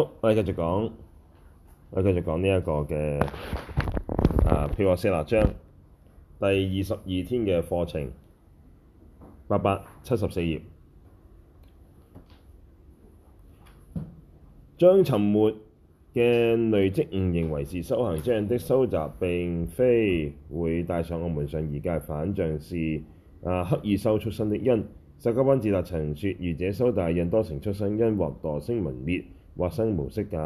好，我哋繼續講，我哋繼續講呢一個嘅啊，如《漂泊四律章》第二十二天嘅課程，八百七十四頁，將沉沒嘅累積誤認為是修行將的收集，並非會帶上我們上二界反象，反像是啊刻意修畜生的因。薩迦班智達曾說：愚者修大印，多成畜生因，或墮聲聞滅，或生無色界，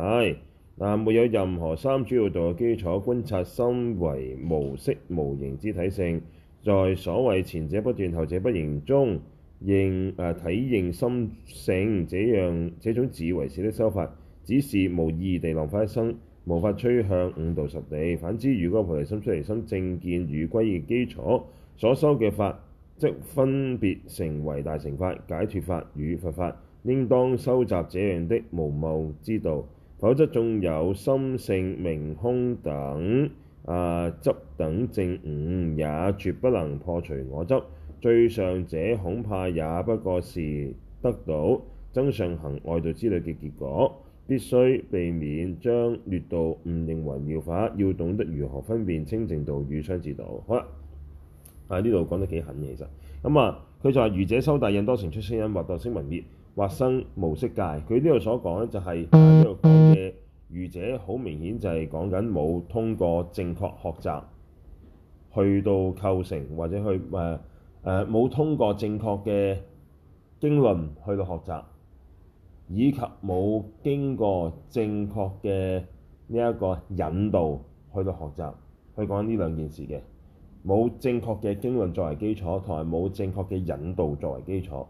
但沒有任何三主要道嘅基礎，觀察心為無色無形之體性，在所謂前者不斷後者不迎中，認，誒、呃、體認心性這樣這種自為是的修法，只是無意地浪費一生，無法趨向五道十地。反之如，如果菩提心、出離心、正見與皈依基礎所修嘅法，即分別成為大乘法、解脫法與佛法。應當修習這樣的無謬之道，否則縱有心性明空等無執等證悟，也絕不能破除我執。最上者恐怕也不過是得到增上行外道之類嘅結果。必須避免將劣道誤認為妙法，要懂得如何分辨清淨道與相似道。好啦，啊呢度講得幾狠嘅，其實咁啊，佢就係愚者修大印，多成畜生因，或墮聲聞滅。或生無色界，佢呢度所講咧就係呢度講嘅愚者，好明顯就係講緊冇通過正確學習去到構成，或者去誒誒冇通過正確嘅經論去到學習，以及冇經過正確嘅呢一個引導去到學習，去講呢兩件事嘅冇正確嘅經論作為基礎，同埋冇正確嘅引導作為基礎。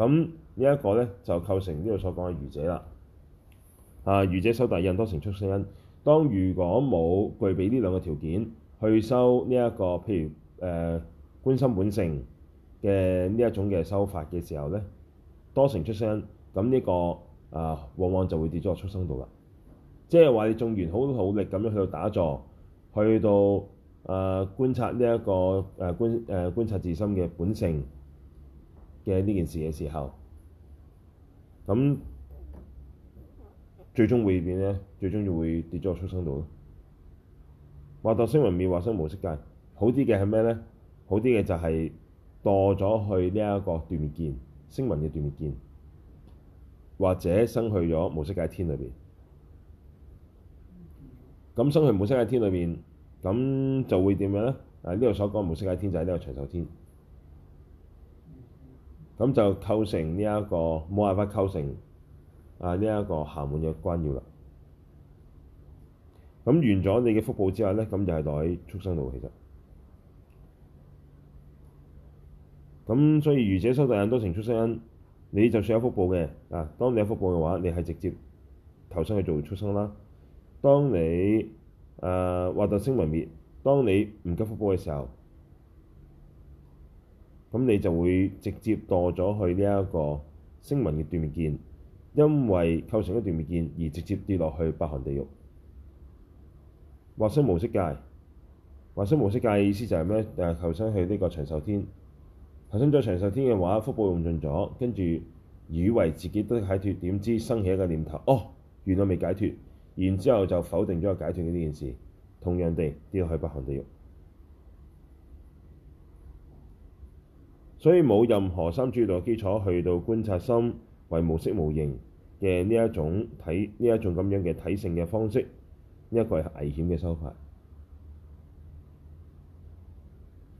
咁呢一個咧就構成呢度所講嘅愚者啦。啊，愚者修大印，多成畜生因。當如果冇具備呢兩個條件去修呢、這、一個譬如誒、呃、觀心本性嘅呢一種嘅修法嘅時候咧，多成畜生因。咁呢、這個啊、呃、往往就會跌咗喺畜生度啦。即係話你種完好好力咁樣去到打坐，去到啊、呃、觀察呢、這、一個誒、呃、觀誒、呃、觀察自心嘅本性嘅呢件事嘅時候，咁最終會變呢，最終就會跌咗落畜生度咯。話到聲聞滅，話生無色界，好啲嘅係咩咧？好啲嘅就係墮咗去呢一個斷滅見，聲聞嘅斷滅見，或者生去咗無色界天裏邊。咁生去無色界天裏邊，咁就會點樣咧？啊，呢度所講無色界天就係呢個長壽天。咁就構成呢、這、一個冇辦法構成啊呢一、這個下門嘅關要啦。咁完咗你嘅福報之後咧，咁就係待喺畜生度，其實。咁所以愚者修大印，多成畜生因。你就算有福報嘅啊，當你有福報嘅話，你係直接投生去做畜生啦。當你啊或墮聲聞滅，當你唔得福報嘅時候。咁你就會直接墮咗去呢一個聲聞嘅斷滅見，因為構成咗斷滅見而直接跌落去八寒地獄。化身無色界，化身無色界嘅意思就係咩？誒、啊，求生去呢個長壽天，求生咗長壽天嘅話，福報用盡咗，跟住以為自己都解脫，點知生起一個念頭，哦，原來未解脫，然之後就否定咗解脫嘅呢件事，同樣地，跌落去八寒地獄。所以冇任何三主要道基礎去到觀察心為無色無形嘅呢一種睇呢一種咁樣嘅體性嘅方式，呢一個係危險嘅修法。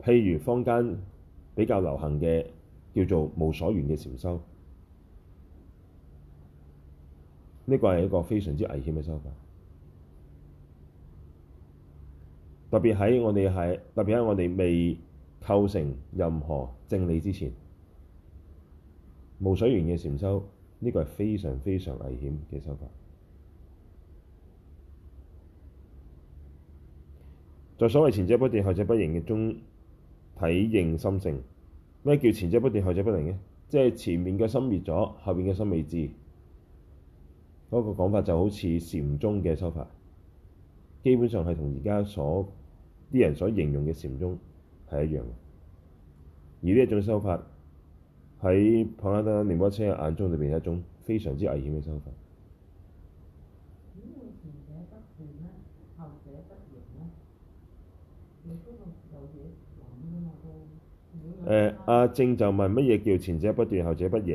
譬如坊間比較流行嘅叫做無所緣嘅禪修，呢個係一個非常之危險嘅修法。特別喺我哋係特別喺我哋未。構成任何正理之前，無水源嘅禪修呢個係非常非常危險嘅修法，在所謂前者不斷、後者不迎嘅中體認心性。咩叫前者不斷、後者不迎咧？即係前面嘅心滅咗，後面嘅心未至嗰，那個講法就好似禪宗嘅修法，基本上係同而家啲人所形容嘅禪宗係一樣，而呢一種修法喺彭家德、仁波切眼中裏邊係一種非常之危險嘅修法。前阿、 呃啊、正就問乜嘢叫前者不斷、後者不迎？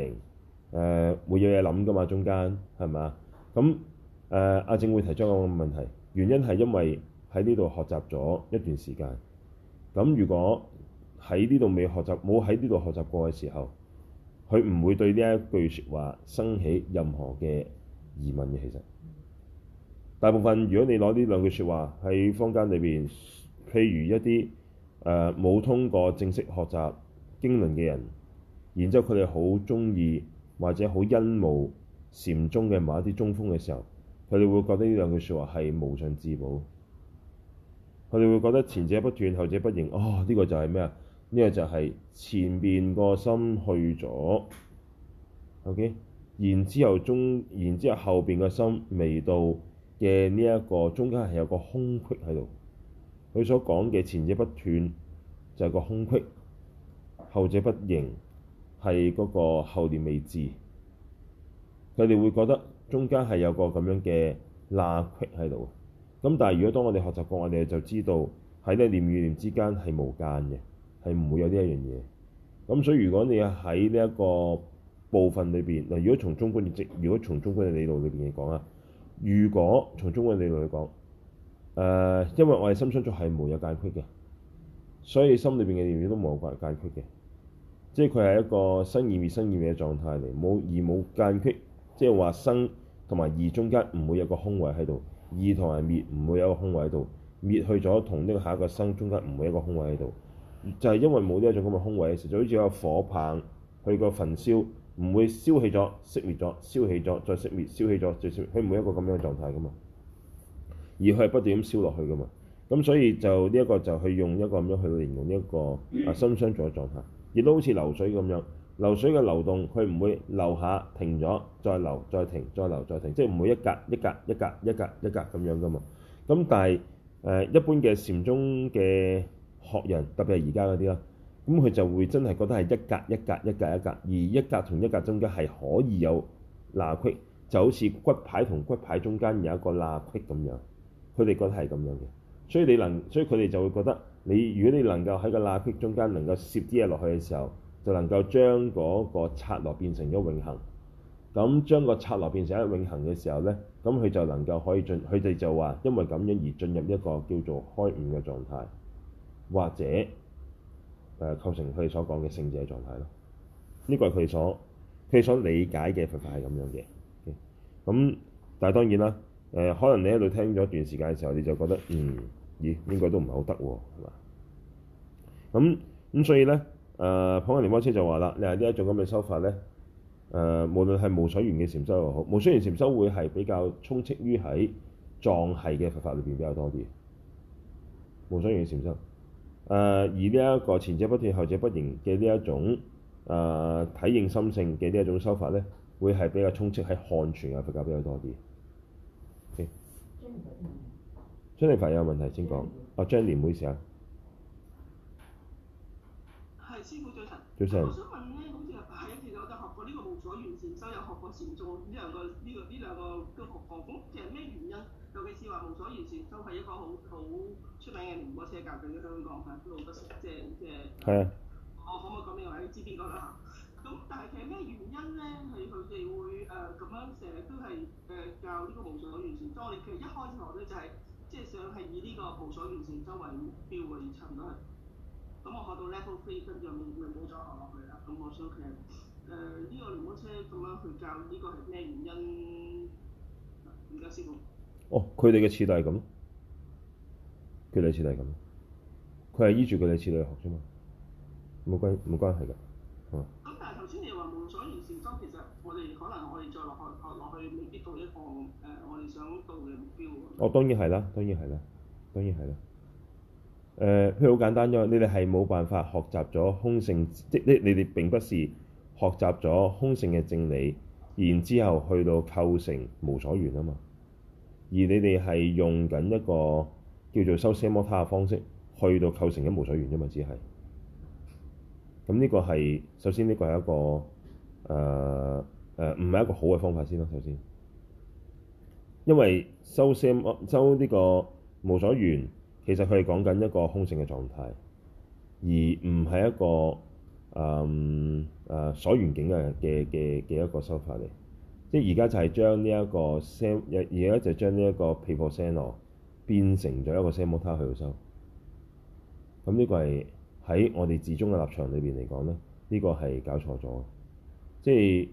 誒、呃，會有嘢諗噶嘛？中間係咪、嗯呃、啊？咁誒，阿正會提出一個問題，原因係因為喺呢度學習咗一段時間。咁如果喺呢度未學習，冇喺呢度學習過嘅時候，佢唔會對呢一句説話生起任何嘅疑問嘅。其實大部分，如果你攞呢兩句説話喺坊間裏邊，譬如一啲誒冇通過正式學習經論嘅人，然之後佢哋好中意或者好欽慕禪宗嘅某一啲宗風嘅時候，佢哋會覺得呢兩句説話係無上至寶。佢哋會覺得前者不斷，後者不迎。哦，呢、這個就係咩啊？呢、這個就係前邊個心去咗，OK。然之後中，然之後後邊個心未到嘅呢、這個、一個中間係有個空隙喺度。佢所講嘅前者不斷就係個空隙，後者不迎係嗰個後念未至。佢哋會覺得中間係有個咁樣嘅罅隙喺度。咁但係如果當我哋學習過，我哋就知道喺呢念與念之間係無間嘅，係唔會有呢一樣嘢。咁所以如果你喺呢一個部分裏邊嗱，如果從中觀念即如從理面，如果從中觀理路裏邊嚟講啊，如果從中觀嘅理路嚟講，誒，因為我哋心相續係冇有間隙嘅，所以心裏邊嘅念都冇有間隙嘅，即係佢係一個生與滅、生與滅嘅狀態嚟，冇而冇間隙，即係話生同埋滅中間唔會有個空位喺度，二同係滅，唔會有個空位喺度。滅去咗，同呢個下一個生中間唔會有一個空位喺度，就係、是、因為冇呢一種咁嘅空位，實在好似有火棒去個焚燒，唔會燒起咗熄滅咗，燒起咗再，再熄滅，燒起咗再熄，佢唔會一個咁樣嘅狀態噶嘛。而佢係不斷咁燒落去噶嘛，咁所以就呢一個就去用一個咁樣去形容呢一個啊心相續嘅狀態，亦都好似流水咁樣。流水嘅流動，佢唔會流下停咗，再流再停再流再停，即係唔會一格一格一格一格一格咁樣噶嘛。咁但係誒、呃、一般嘅禪宗嘅學人，特別係而家嗰啲咯，咁佢就會真係覺得係一格一格一格一格，一格，而一格同一格中間係可以有罅隙，就好似骨牌同骨牌中間有一個罅隙咁樣。佢哋覺得係咁樣嘅，所以你能，所以佢哋就會覺得你如果你能夠喺個罅隙中間能夠攝啲嘢落去嘅時候。就能夠將嗰個拆落變成咗永恆，咁將個拆落變成一永恆嘅時候咧，咁佢就能夠可以進，佢哋就話因為咁樣而進入一個叫做開悟嘅狀態，或者誒、呃、構成佢哋所講嘅聖者狀態咯。呢個係佢哋所佢哋所理解嘅佛法係咁樣嘅。咁、okay? 但係當然啦，誒、呃、可能你喺度聽咗一段時間嘅時候，你就覺得嗯，咦，應該都唔係好得喎，係嘛？咁咁所以咧。誒，普仁蓮波師就話啦，另外呢一種咁嘅修法咧，誒、呃，無論係無所緣嘅禪修又好，無所緣禪修會係比較充斥於喺藏系嘅佛法裏邊比較多啲，無所緣嘅禪修。誒、呃，而呢一個前者不斷，後者不迎嘅呢一種誒、呃、體認心性嘅呢一種修法咧，會係比較充斥喺漢傳嘅佛教比較多啲。Jenny 佛友問題先講，阿 Jenny，唔好意思啊。嗯、我想問咧，好似係其實我都學過呢個無所緣禪修，學過禪坐，呢兩個呢個呢兩個都學過。咁、嗯、其實咩原因？尤其是話無所緣禪修，修係一個好好出名嘅仁波切教喺香港，好多即係即係。係。我可唔可以講俾你知邊個啦？咁但係其實咩、呃是的 嗯、原因咧？係佢哋會誒咁、呃、樣成日都係誒、呃、教呢個無所緣禪修？其實一開始學咧就係即係想係以呢個無所緣禪修為目標為層啦。咁、嗯、我學到 level three 跟住，又冇又冇再學落去啦。咁、嗯、我想其實，誒、呃、呢、這個纜車咁樣去教呢、這個係咩原因？唔該先。師傅。哦，佢哋嘅次第係咁咯，佢哋次第係咁咯，佢係依住佢哋次第學啫嘛，冇關冇關係嘅，哦。咁、嗯、但係頭先你話夢想完成咗，其實我哋可能可以再落去，學落去，未必到一個、呃、我哋想到嘅目標。哦，當然係啦，當然係啦，當然係啦。誒佢好簡單啫，你哋係冇辦法學習咗空性，即係你哋並不是學習咗空性嘅正理，然之後去到構成無所緣啊嘛。而你哋係用緊一個叫做修奢摩他嘅方式去到構成緊無所緣啫嘛，只係。咁呢個係首先呢個係一個誒誒唔係一個好嘅方法先啦，首先。因為修奢摩修呢個無所緣。其實佢哋講緊一個空性嘅狀態，而唔係一個誒誒所願境嘅嘅嘅嘅一個修法嚟。即係而家就係將呢一個聲，而家就將呢一個譬況聲 r 變成咗一個聲母塔去到收，咁呢個係喺我哋自宗嘅立場裏邊嚟講咧，呢、這個係搞錯咗。即係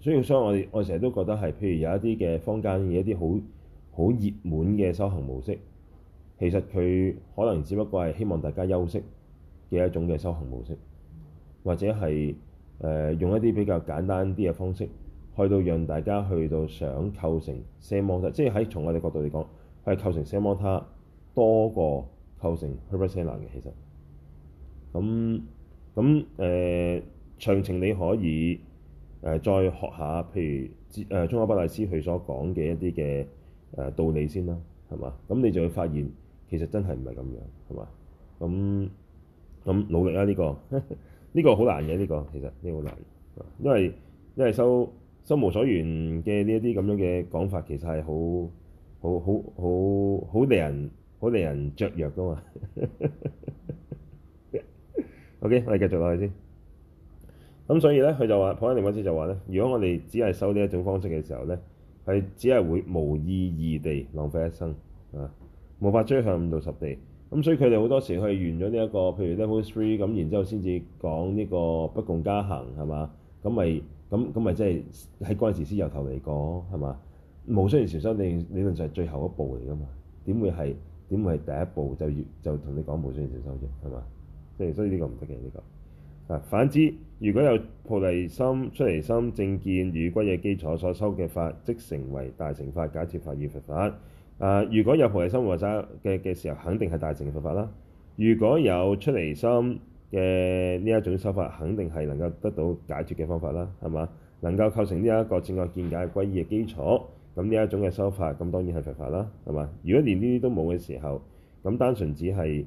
所以所以我哋我成日都覺得係譬如有一啲嘅坊間有一啲好好熱門嘅修行模式。.其實佢可能只不過係希望大家休息嘅一種嘅修行模式，或者係誒、呃、用一啲比較簡單啲嘅方式，去到讓大家去到想構成奢摩他，即係喺從我哋角度嚟講，係構成奢摩他多過構成毘缽舍那嘅。其實咁咁誒，詳、嗯嗯呃、情你可以誒再學下，譬如誒、呃、宗喀巴大師佢所講嘅一啲嘅誒道理先啦，係嘛？咁你就會發現。其實真係唔係咁樣，係嘛？咁、嗯、咁、嗯、努力啊！呢、這個呢 個好難嘅，呢、這個其實呢、這個好難，因為因為收心無所懸嘅呢一啲咁樣嘅講法，其實係好好好好好令人好令人著弱噶嘛。 OK，我哋繼續落去先。咁所以咧，佢就話普拉提老師就話咧，如果我哋只係收呢一種方式嘅時候咧，係只係會無意義地浪費一生啊！無法追向五道十地，咁、嗯、所以佢哋好多時去完咗呢一個，譬如 level three 咁，然之後先至講呢個不共加行係嘛？咁咪咁咁咪即係喺嗰陣時先由頭嚟過係嘛？無相緣潮生理理論就係最後一步嚟㗎嘛？點會係點會係第一步就要就同你講無相緣潮生啫係嘛？即係所以呢個唔得嘅呢個。啊，反之如果有菩提心、出離心、正見與皈依嘅基礎所修嘅法，即成為大乘法、解脫法與佛法。啊、呃！如果有菩提心或者嘅嘅時候，肯定係大乘嘅佛法啦。如果有出離心嘅呢一種修法，肯定係能夠得到解決嘅方法啦。係嘛？能夠構成呢一個正確見解歸依嘅基礎，咁呢一種嘅修法，咁當然係佛法啦。係嘛？如果連呢啲都冇嘅時候，咁單純只係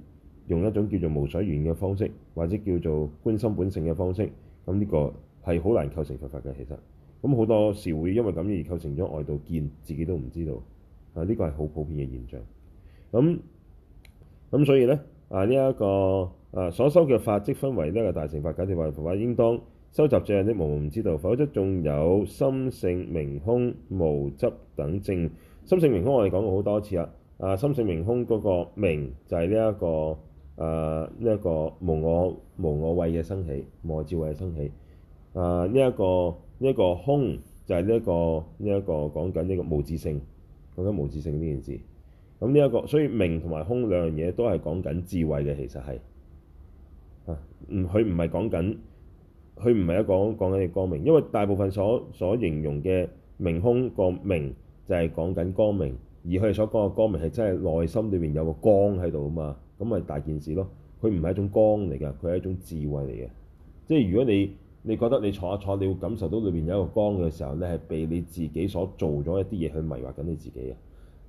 用一種叫做無所緣嘅方式，或者叫做觀心本性嘅方式，咁呢個係好難構成佛法嘅。其實咁好多時會因為咁而構成咗外道見，自己都唔知道。啊！呢、這個係好普遍嘅現象。咁、嗯、咁、嗯，所以咧啊，呢、這、一個啊，所收嘅法即分為呢個大乘法，簡直話應當收集者。樣的無明知，知道。否則仲有心性明空無執等正心性明空，我哋講過好多次啊。啊，心性明空嗰個明就係呢一個啊，呢、這、一個無我無我為嘅生起，無我智慧嘅生起。啊，呢、這、一個呢一、這個空就係呢一個呢一、這個講緊呢個無智性。講緊無智性呢件事，咁呢一個，所以明同埋空兩樣嘢都係講緊智慧嘅，其實係啊，嗯，佢唔係講緊，佢唔係一講講緊你光明，因為大部分所所形容嘅明空個明就係講緊光明，而佢哋所講嘅光明係真係內心裏面有個光喺度啊嘛，咁咪大件事咯，佢唔係一種光嚟噶，佢係一種智慧嚟嘅，即係如果你。你覺得你坐一坐，你會感受到裏面有一個光嘅時候，你係被你自己所做咗一啲嘢去迷惑緊你自己嘅。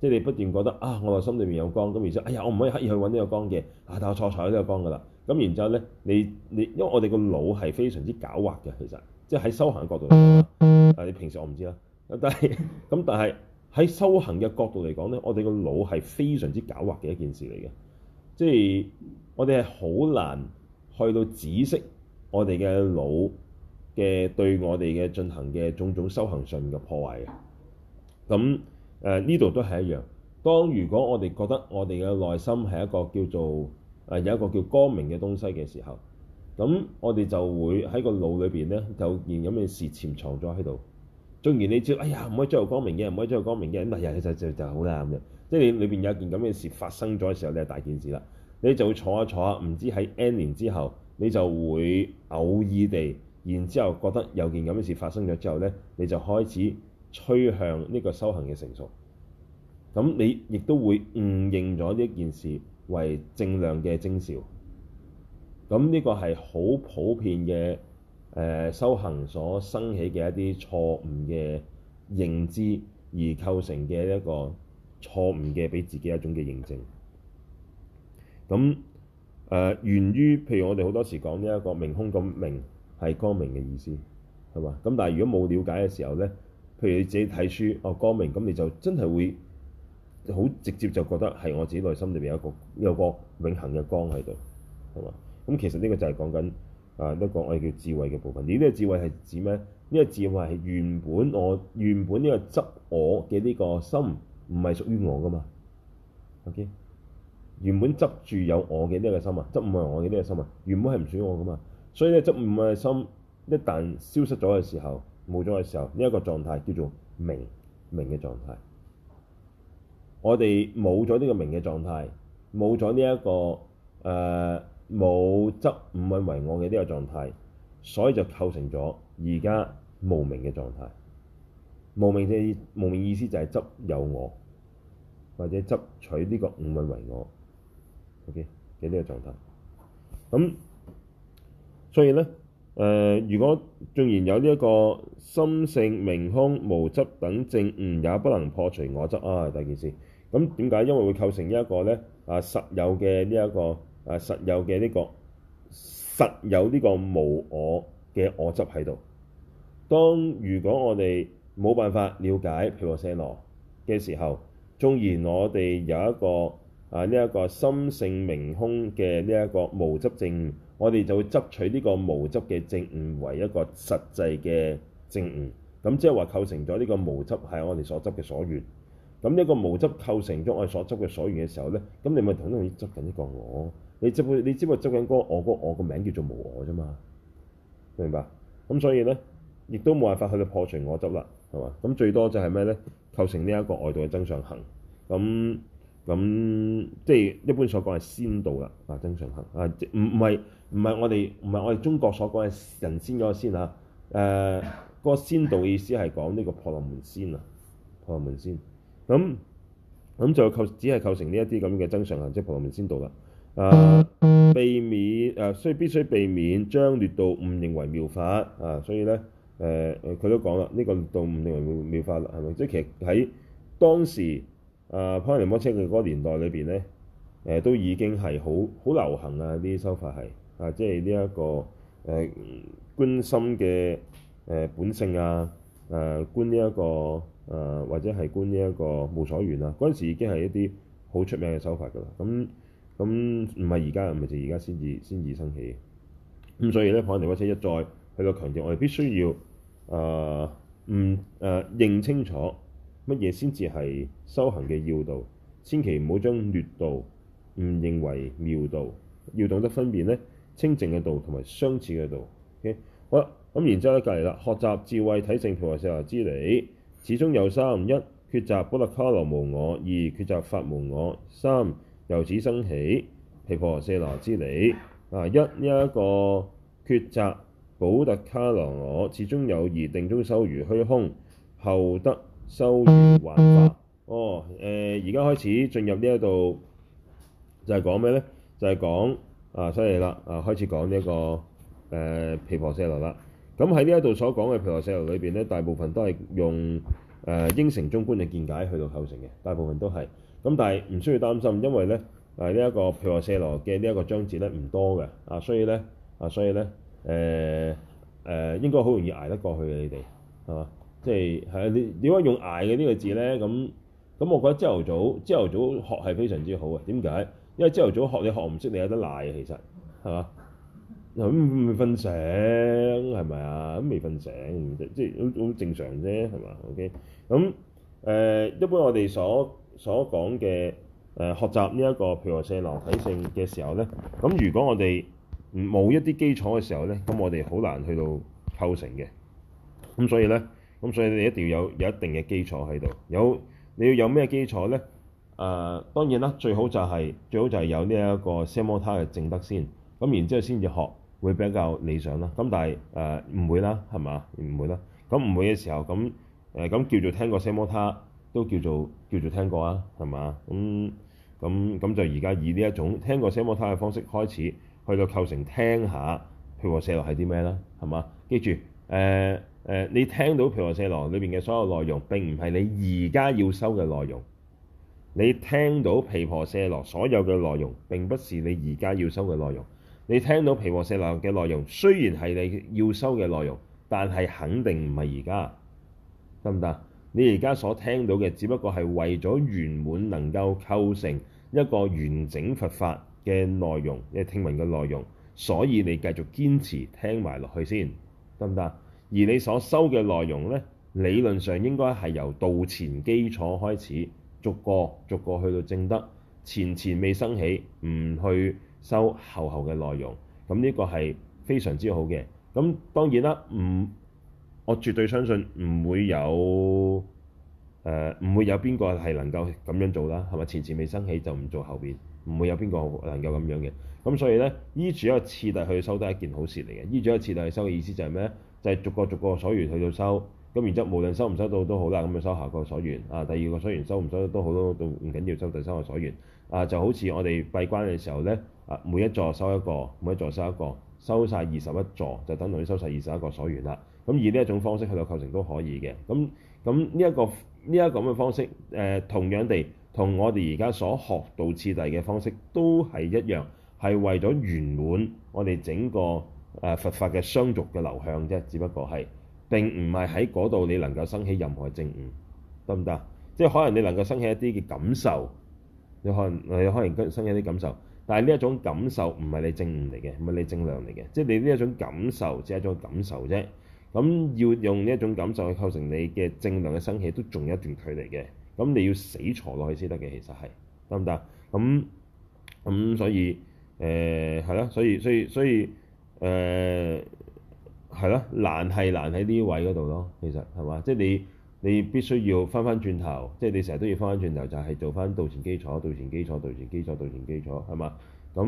即係你不斷覺得啊，我內心裏面有光，咁然之後，哎呀，我唔可以刻意去揾呢個光嘅，啊，但我坐坐喺呢個光噶啦。咁然之後咧，你你因為我哋個腦係非常之狡猾嘅，其實即係喺修行嘅角度嚟講，但係你平時我唔知啦。但係咁，但係喺修行嘅角度嚟講咧，我哋個腦係非常之狡猾嘅一件事嚟嘅。即係我哋係好難去到紫色。我哋嘅腦嘅對我哋嘅進行嘅種種修行上面嘅破壞嘅，咁誒呢度都係一樣。當如果我哋覺得我哋嘅內心係一個叫做誒、呃、有一個叫光明嘅東西嘅時候，咁我哋就會喺個腦裏邊咧有件咁嘅事潛藏咗喺度。縱然你知，哎呀唔可以追求光明嘅，唔可以追求光明嘅，唔係就就就就好啦咁樣。即係你裏邊有件咁嘅事發生咗嘅時候，你係大件事啦。你就會坐下坐下，唔知喺 N 年之後。你就會偶爾地，然之後覺得有件咁嘅事發生咗之後呢，你就開始趨向呢個修行嘅成熟。咁你亦都會誤認咗呢一件事為正量嘅徵兆。咁呢個係好普遍嘅、呃、修行所生起嘅一啲錯誤嘅認知而構成嘅一個錯誤嘅俾自己一種嘅認證。咁誒、呃、源於譬如我哋好多時講呢一個明空，咁明係光明嘅意思，係嘛？咁但係如果冇了解嘅時候咧，譬如你自己睇書，哦，光明，咁你就真係會好直接就覺得係我自己內心裏邊有一個有個永恆嘅光喺度，係嘛？咁、嗯、其實呢個就係講緊啊，都、呃、講、這個、我哋叫智慧嘅部分。你、這、呢個智慧係指咩？呢、這個智慧係原本我原本呢個執我嘅呢個心唔係屬於我噶嘛？OK。原本執住有我嘅呢個心啊，執五運為我嘅呢個心啊，原本係唔屬於我噶嘛，所以咧，執五運嘅心一旦消失咗嘅時候，冇咗嘅時候，呢、這、一個狀態叫做明明嘅狀態。我哋冇咗呢個明嘅狀態，冇咗呢一個誒冇、呃、執五運為我嘅呢個狀態，所以就構成咗而家無明嘅狀態。無明嘅無明意思就係執有我，或者執取呢個五運為我。O.K. 嘅呢個狀態，咁、嗯、所以咧，誒、呃，如果縱然有呢一個心性明空無執等證悟、嗯，也不能破除我執啊，第二件事。咁點解？因為會構成呢一個咧啊實有嘅呢一個啊實有嘅呢、這個實有呢個無我嘅我執喺度。當如果我哋冇辦法了解，譬如我聲羅嘅時候，縱然我哋有一個啊！呢、這、一個心性明空嘅呢一個無執證，我哋就會執取呢個無執嘅證悟為一個實際嘅證悟。咁、嗯、即係話構成咗呢個無執係我哋所執嘅所緣。咁、嗯、呢、這個無執構成咗我哋所執嘅所緣嘅時候咧，咁、嗯、你咪好容易執緊一個我。你執去，你只不過執緊嗰個我嗰個我個名叫做無我啫嘛，明白？咁、嗯、所以咧，亦都冇辦法去到破除我執啦，係嘛？咁、嗯、最多就係咩咧？構成呢一個外道嘅增上行咁。嗯嗯咁、嗯、即係一般所講係仙道啦，啊，增上行啊，唔唔係唔係我哋唔係我哋中國所講嘅人仙嗰個仙啊，誒，嗰個仙道意思係講呢個婆羅門仙啊，婆羅門仙，咁、嗯、咁、嗯、就構只係構成呢一啲咁嘅增上行，即係婆羅門仙道啦。啊，避免、啊、所以必須避免將劣道誤認為,為妙法啊，所以咧誒，佢、呃、都講啦，呢、這個劣道誤認為,為妙法啦，係咪？即係其實喺當時。誒潘、啊、尼摩車嘅嗰年代裏邊咧，誒、呃、都已經係好好流行啊！呢啲手法係啊，即係呢一個誒、呃、觀心嘅誒本性啊，誒觀呢一個誒或者係觀呢一個無所緣啊！嗰陣時已經係一啲好出名嘅手法㗎啦。咁咁唔係而家，唔係就而家先至先至生起。咁、嗯、所以咧，潘尼摩車一再喺度強調，我哋必須要誒唔誒認清楚。乜嘢先至係修行嘅要道？千祈唔好將劣道誤認為妙道，要懂得分辨咧清淨嘅道同埋相似嘅道。Okay? 好啦，咁然之後咧隔離啦，學習智慧體性毘缽舍那之理，始終有三：一抉擇補特伽羅無我；二抉擇法無我；三由此生起毘缽舍那之理。啊，一呢一個抉擇補特伽羅無我，始終有二定中修如虛空，後得修如幻化，哦，誒、呃，而家開始進入呢一度，就係、是、講咩咧？就係、是、講啊，犀利啦，啊，開始講呢、這、一個誒毗、呃、婆舍那啦。咁喺呢一度所講嘅毗婆舍那裏邊咧，大部分都係用誒、呃、應成中觀嘅見解去到構成嘅，大部分都係。咁、嗯、但係唔需要擔心，因為咧誒呢一、呃這個毗婆舍那嘅呢一個章節咧唔多嘅，啊，所以咧啊，所以咧誒誒應該好容易捱得過去嘅，你哋係嘛？即係係啊！你點解用捱嘅呢個字咧？咁咁，我覺得朝頭早朝頭早學係非常之好嘅。點解？因為朝頭早學，你學唔識，你有得賴嘅。其實係嘛，咁未瞓醒係咪啊？都未瞓醒，即係好好正常啫，係嘛？OK、嗯。咁、呃、誒，一般我哋所所講嘅誒、呃、學習呢、這、一個譬如話四流體性嘅時候咧，咁如果我哋冇一啲基礎嘅時候咧，咁我哋好難去到構成嘅。咁所以咧。咁所以你一定要有有一定嘅基礎喺度，有你要有咩基礎咧？誒、呃、當然啦，最好就係、是、最好就係有呢一個奢摩他嘅正德先，咁然之後先至學會比較理想啦。咁但係誒唔會啦，係嘛？唔會啦。咁唔會嘅時候，咁誒咁叫做聽過奢摩他都叫做叫做聽過啊，係嘛？咁咁咁就而家以呢一種聽過奢摩他嘅方式開始，去到構成聽下佢寫落係啲咩啦，係嘛？記住誒。呃你聽到毘缽舍那裏面嘅所有內容，並唔係你而家要收嘅內容。你聽到毘缽舍那所有嘅內容，並不是你而家要收嘅內容。你聽到毘缽舍那嘅內,內,內容，雖然係你要收嘅內容，但係肯定唔係而家，得唔得？你而家所聽到嘅，只不過係為咗完滿能夠構成一個完整佛法嘅內容，你係聽聞嘅內容，所以你繼續堅持聽埋落去先，得唔得？而你所收嘅內容呢，理論上應該係由道前基礎開始，逐個逐個去到正德，前前未生起唔去收後後嘅內容，咁呢個係非常之好嘅。咁當然啦，唔，我絕對相信唔會有，誒、呃、唔會有邊個係能夠咁樣做啦，係咪？前前未生起就唔做後邊。唔會有邊個能夠咁樣嘅，咁所以呢，依住一個次第去收都係一件好事嚟嘅。依住一個次第去收嘅意思就係咩？就係、是、逐個逐個所緣去到收，咁然之後無論收唔收到都好啦，咁就收下個所緣啊。第二個所緣收唔收都好都都唔緊要，收第三個所緣啊。就好似我哋閉關嘅時候呢，啊，每一座收一個，每一座收一個，收晒二十一座就等同於收晒二十一個所緣啦。咁以呢一種方式去到構成都可以嘅。咁咁呢一個呢一、這個咁嘅方式，誒、呃、同樣地。同我哋而家所學到次第嘅方式都係一樣，係為咗圓滿我哋整個誒佛法嘅相續嘅流向啫。只不過係並唔係喺嗰度你能夠生起任何嘅正悟，得唔得？即係可能你能夠生起一啲嘅感受，你可能你可能跟生起啲感受，但係呢一種感受唔係你正悟嚟嘅，唔係你正量嚟嘅。即係你呢一種感受只係一種感受啫。咁要用呢一種感受去構成你嘅正量嘅生起，都仲有一段距離嘅。咁你要死坐落去先得嘅，其實係得唔得？咁咁所以誒係啦。所以、呃、所以所以誒係啦。難係難喺呢位嗰度咯，其實係嘛？即係你你必須要翻翻轉頭，即係你成日都要翻翻轉頭，就係、是、做翻道前基礎、道前基礎、道前基礎、道前基礎，係嘛？咁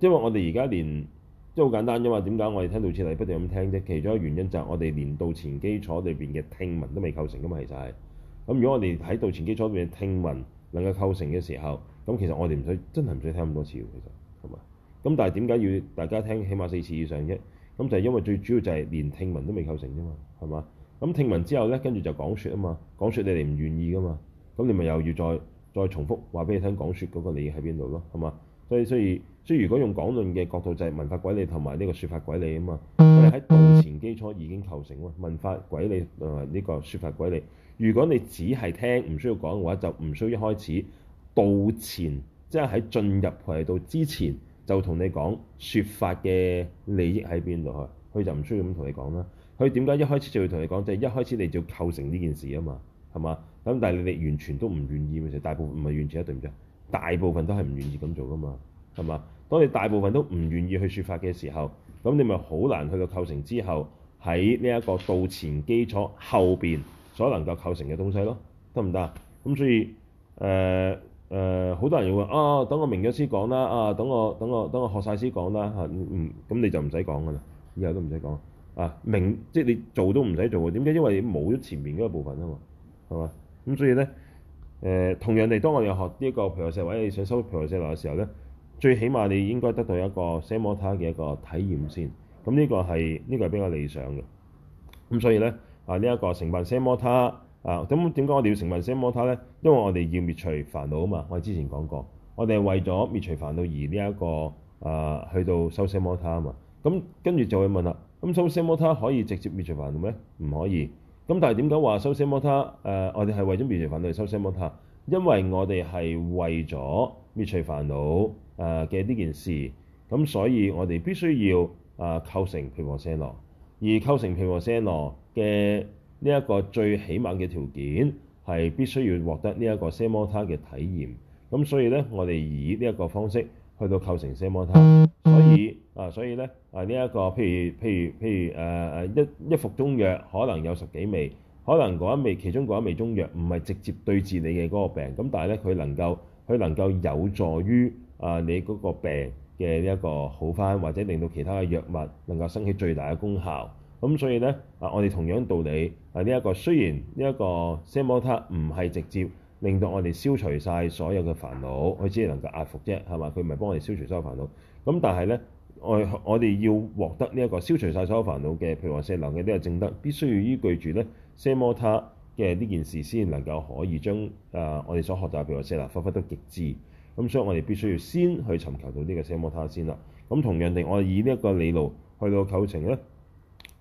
因為我哋而家連即係好簡單啫嘛，點解我哋聽道次第不斷咁聽啫？其中一個原因就係我哋連道前基礎裏邊嘅聽聞都未構成噶嘛，其實係。咁如果我哋喺道前基礎入邊聽聞能夠構成嘅時候，咁其實我哋唔使真係唔使聽咁多次，其實係嘛？咁但係點解要大家聽起碼四次以上啫？咁就係因為最主要就係連聽聞都未構成啫嘛，係嘛？咁聽聞之後咧，跟住就講説啊嘛，講説你哋唔願意噶嘛，咁你咪又要再再重複話俾你聽講説嗰個理喺邊度咯，係嘛？所以所以所以如果用講論嘅角度就係聞法軌理同埋呢個説法軌理啊嘛，我哋喺道前基礎已經構成喎，聞法軌理同埋呢個説法軌理。如果你只係聽，唔需要講嘅話，就唔需要一開始道前，即係喺進入渠道之前就同你講説法嘅利益喺邊度去，佢就唔需要咁同你講啦。佢點解一開始就會同你講？就係、是、一開始你就要構成呢件事啊嘛，係嘛，咁但係你哋完全都唔願意嘅，其實大部分唔係完全一，對唔住？大部分都係唔願意咁做噶嘛，係嘛？當你大部分都唔願意去説法嘅時候，咁你咪好難去到構成之後喺呢一個道前基礎後邊。所能夠構成嘅東西咯，得唔得？咁所以誒誒，好、呃呃、多人要話啊，等我明咗先講啦，啊，等我等我等我學晒先講啦嚇，唔、啊、咁、嗯、你就唔使講噶啦，以後都唔使講啊，明，即係你做都唔使做嘅，點解？因為冇咗前面嗰個部分啊嘛，係嘛？咁所以咧誒、呃，同樣地，當我哋學呢一個譬如奢摩他，你想收譬如奢摩他嘅時候咧，最起碼你應該得到一個奢摩他嘅一個體驗先，咁呢個係呢、呢個係比較理想嘅，咁所以咧。啊！呢、這、一個成辦奢摩他啊，咁點解我哋要成辦奢摩他咧？因為我哋要滅除煩惱啊嘛。我之前講過，我哋係為咗滅除煩惱而呢、這、一個啊，去到修奢摩他啊嘛。咁、啊、跟住就會問啦，咁修奢摩他可以直接滅除煩惱咩？唔可以。咁、啊、但係點解話修奢摩他？誒、啊，我哋係為咗滅除煩惱而修奢摩他，因為我哋係為咗滅除煩惱啊嘅呢件事，咁、啊、所以我哋必須要啊構成毘缽舍那，而構成毘缽舍那。嘅呢一個最起碼嘅條件係必須要獲得呢一個奢摩他嘅體驗，咁所以呢，我哋以呢一個方式去到構成奢摩他，所以啊，所以咧啊，呢、這、一個譬如譬如譬如誒誒、啊、一一副中藥可能有十幾味，可能嗰一味其中嗰一味中藥唔係直接對治你嘅嗰個病，咁但係呢，佢能夠佢能夠有助於啊你嗰個病嘅呢一個好翻，或者令到其他嘅藥物能夠生起最大嘅功效。咁所以咧啊，我哋同樣道理啊。呢一個雖然呢一個奢摩他唔係直接令到我哋消除晒所有嘅煩惱，佢只係能夠壓服啫，係嘛？佢唔係幫我哋消除所有煩惱。咁但係咧，我我哋要獲得呢一個消除晒所有煩惱嘅，譬如話四流嘅呢個證德，必須要依據住咧奢摩他嘅呢件事先能夠可以將啊我哋所學到譬如話四流發揮得極致。咁所以我哋必須要先去尋求到呢個奢摩他先啦。咁同樣地，我以呢一個理路去到構成咧。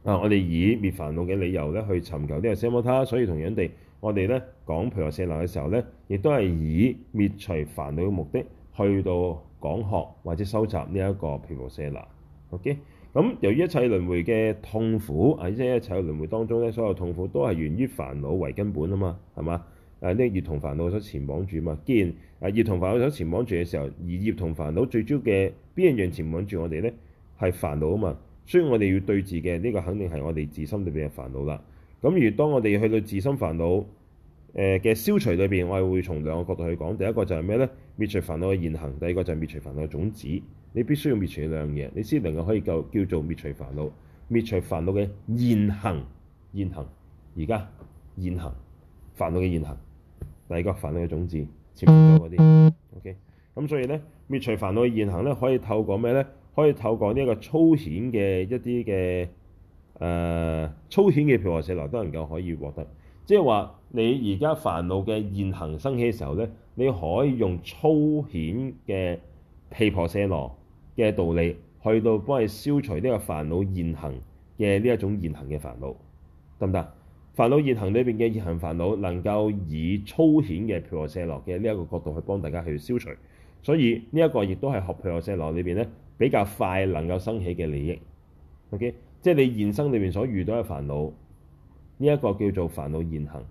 啊！我哋以滅煩惱嘅理由咧，去尋求呢個奢摩他。所以同樣地，我哋咧講毘缽舍那嘅時候咧，亦都係以滅除煩惱嘅目的去到講學或者收集呢一個毘缽舍那。OK，咁、嗯、由於一切輪迴嘅痛苦啊，即係一切輪迴當中咧，所有痛苦都係源於煩惱為根本啊嘛，係嘛？誒、啊，呢、這個業同煩惱所纏綁住嘛。既然誒、啊、業同煩惱所纏綁住嘅時候，而業同煩惱最主嘅邊一樣纏綁住我哋咧，係煩惱啊嘛。所以我哋要對治嘅呢、這個，肯定係我哋自心裏邊嘅煩惱啦。咁而當我哋去到自心煩惱誒嘅消除裏邊，我哋會從兩個角度去講。第一個就係咩咧？滅除煩惱嘅現行。第二個就係滅除煩惱嘅種子。你必須要滅除兩樣嘢，你先能夠可以夠叫做滅除煩惱。滅除煩惱嘅現行，現行而家現,現行煩惱嘅現行。第二個煩惱嘅種子，全部都嗰啲。OK。咁所以咧，滅除煩惱嘅現行咧，可以透過咩咧？可以透過呢一個粗顯嘅一啲嘅誒粗顯嘅毘缽舍那都能夠可以獲得。即係話你而家煩惱嘅現行生起嘅時候咧，你可以用粗顯嘅毘缽舍那嘅道理去到幫你消除呢個煩惱現行嘅呢一種現行嘅煩惱，得唔得？煩惱現行裏邊嘅現行煩惱，能夠以粗顯嘅毘缽舍那嘅呢一個角度去幫大家去消除。所以呢一個亦都係學毘缽舍那裏邊咧。比較快能夠生起嘅利益，OK，即係你現生裏邊所遇到嘅煩惱，呢、這、一個叫做煩惱現行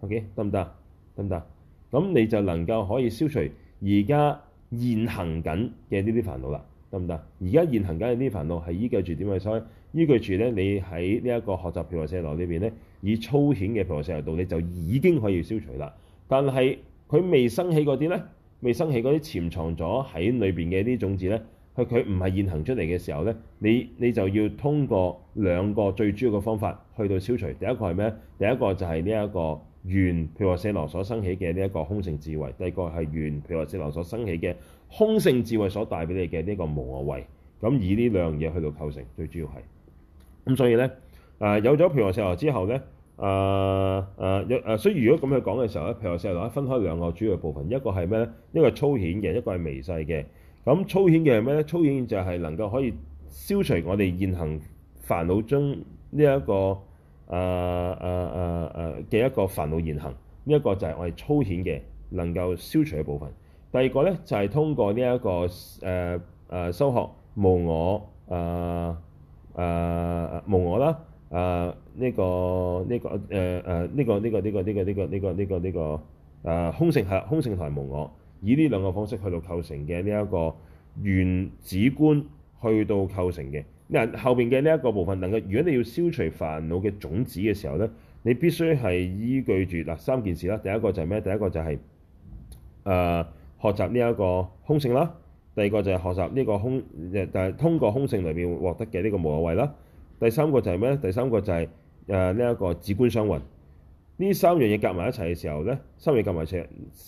，OK，得唔得？得唔得？咁你就能夠可以消除而家現行緊嘅呢啲煩惱啦，得唔得？而家現行緊嘅呢啲煩惱係依據住點啊？所依據住咧，你喺呢一個學習毘缽舍那裏邊咧，以粗顯嘅毘缽舍那道理就已經可以消除啦。但係佢未生起嗰啲咧，未生起嗰啲潛藏咗喺裏邊嘅啲種子咧。佢佢唔係現行出嚟嘅時候咧，你你就要通過兩個最主要嘅方法去到消除。第一個係咩？第一個就係呢一個原毘缽舍那所生起嘅呢一個空性智慧；第二個係原毘缽舍那所生起嘅空性智慧所帶俾你嘅呢個無我慧。咁以呢兩樣嘢去到構成最主要係。咁所以咧，誒有咗毘缽舍那之後咧，誒誒有誒，所以如果咁樣講嘅時候咧，毘缽舍那分開兩個主要部分，一個係咩咧？一個係粗顯嘅，一個係微細嘅。咁粗顯嘅係咩咧？粗顯就係能夠可以消除我哋現行煩惱中呢、這、一個啊啊啊啊嘅一個煩惱現行，呢、這、一個就係我哋粗顯嘅，能夠消除嘅部分。第二個咧就係、是、通過呢、這、一個誒誒、呃呃、修學無我啊啊無我啦啊呢個呢個誒誒呢個呢個呢個呢個呢個呢個呢個啊空性係空性係無我。以呢兩個方式去到構成嘅呢一個原子觀，去到構成嘅，嗱後邊嘅呢一個部分能夠，如果你要消除煩惱嘅種子嘅時候咧，你必須係依據住嗱三件事啦。第一個就係咩？第一個就係、是、誒、呃、學習呢一個空性啦。第二個就係學習呢個空，誒但係通過空性裏面獲得嘅呢個無我位啦。第三個就係咩？第三個就係誒呢一個止觀雙運。呢三樣嘢夾埋一齊嘅時候呢，三樣嘢夾埋一齊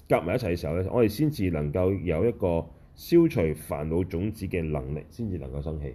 夾埋一齊嘅時候呢，我哋先至能夠有一個消除煩惱種子嘅能力能，先至能夠生氣，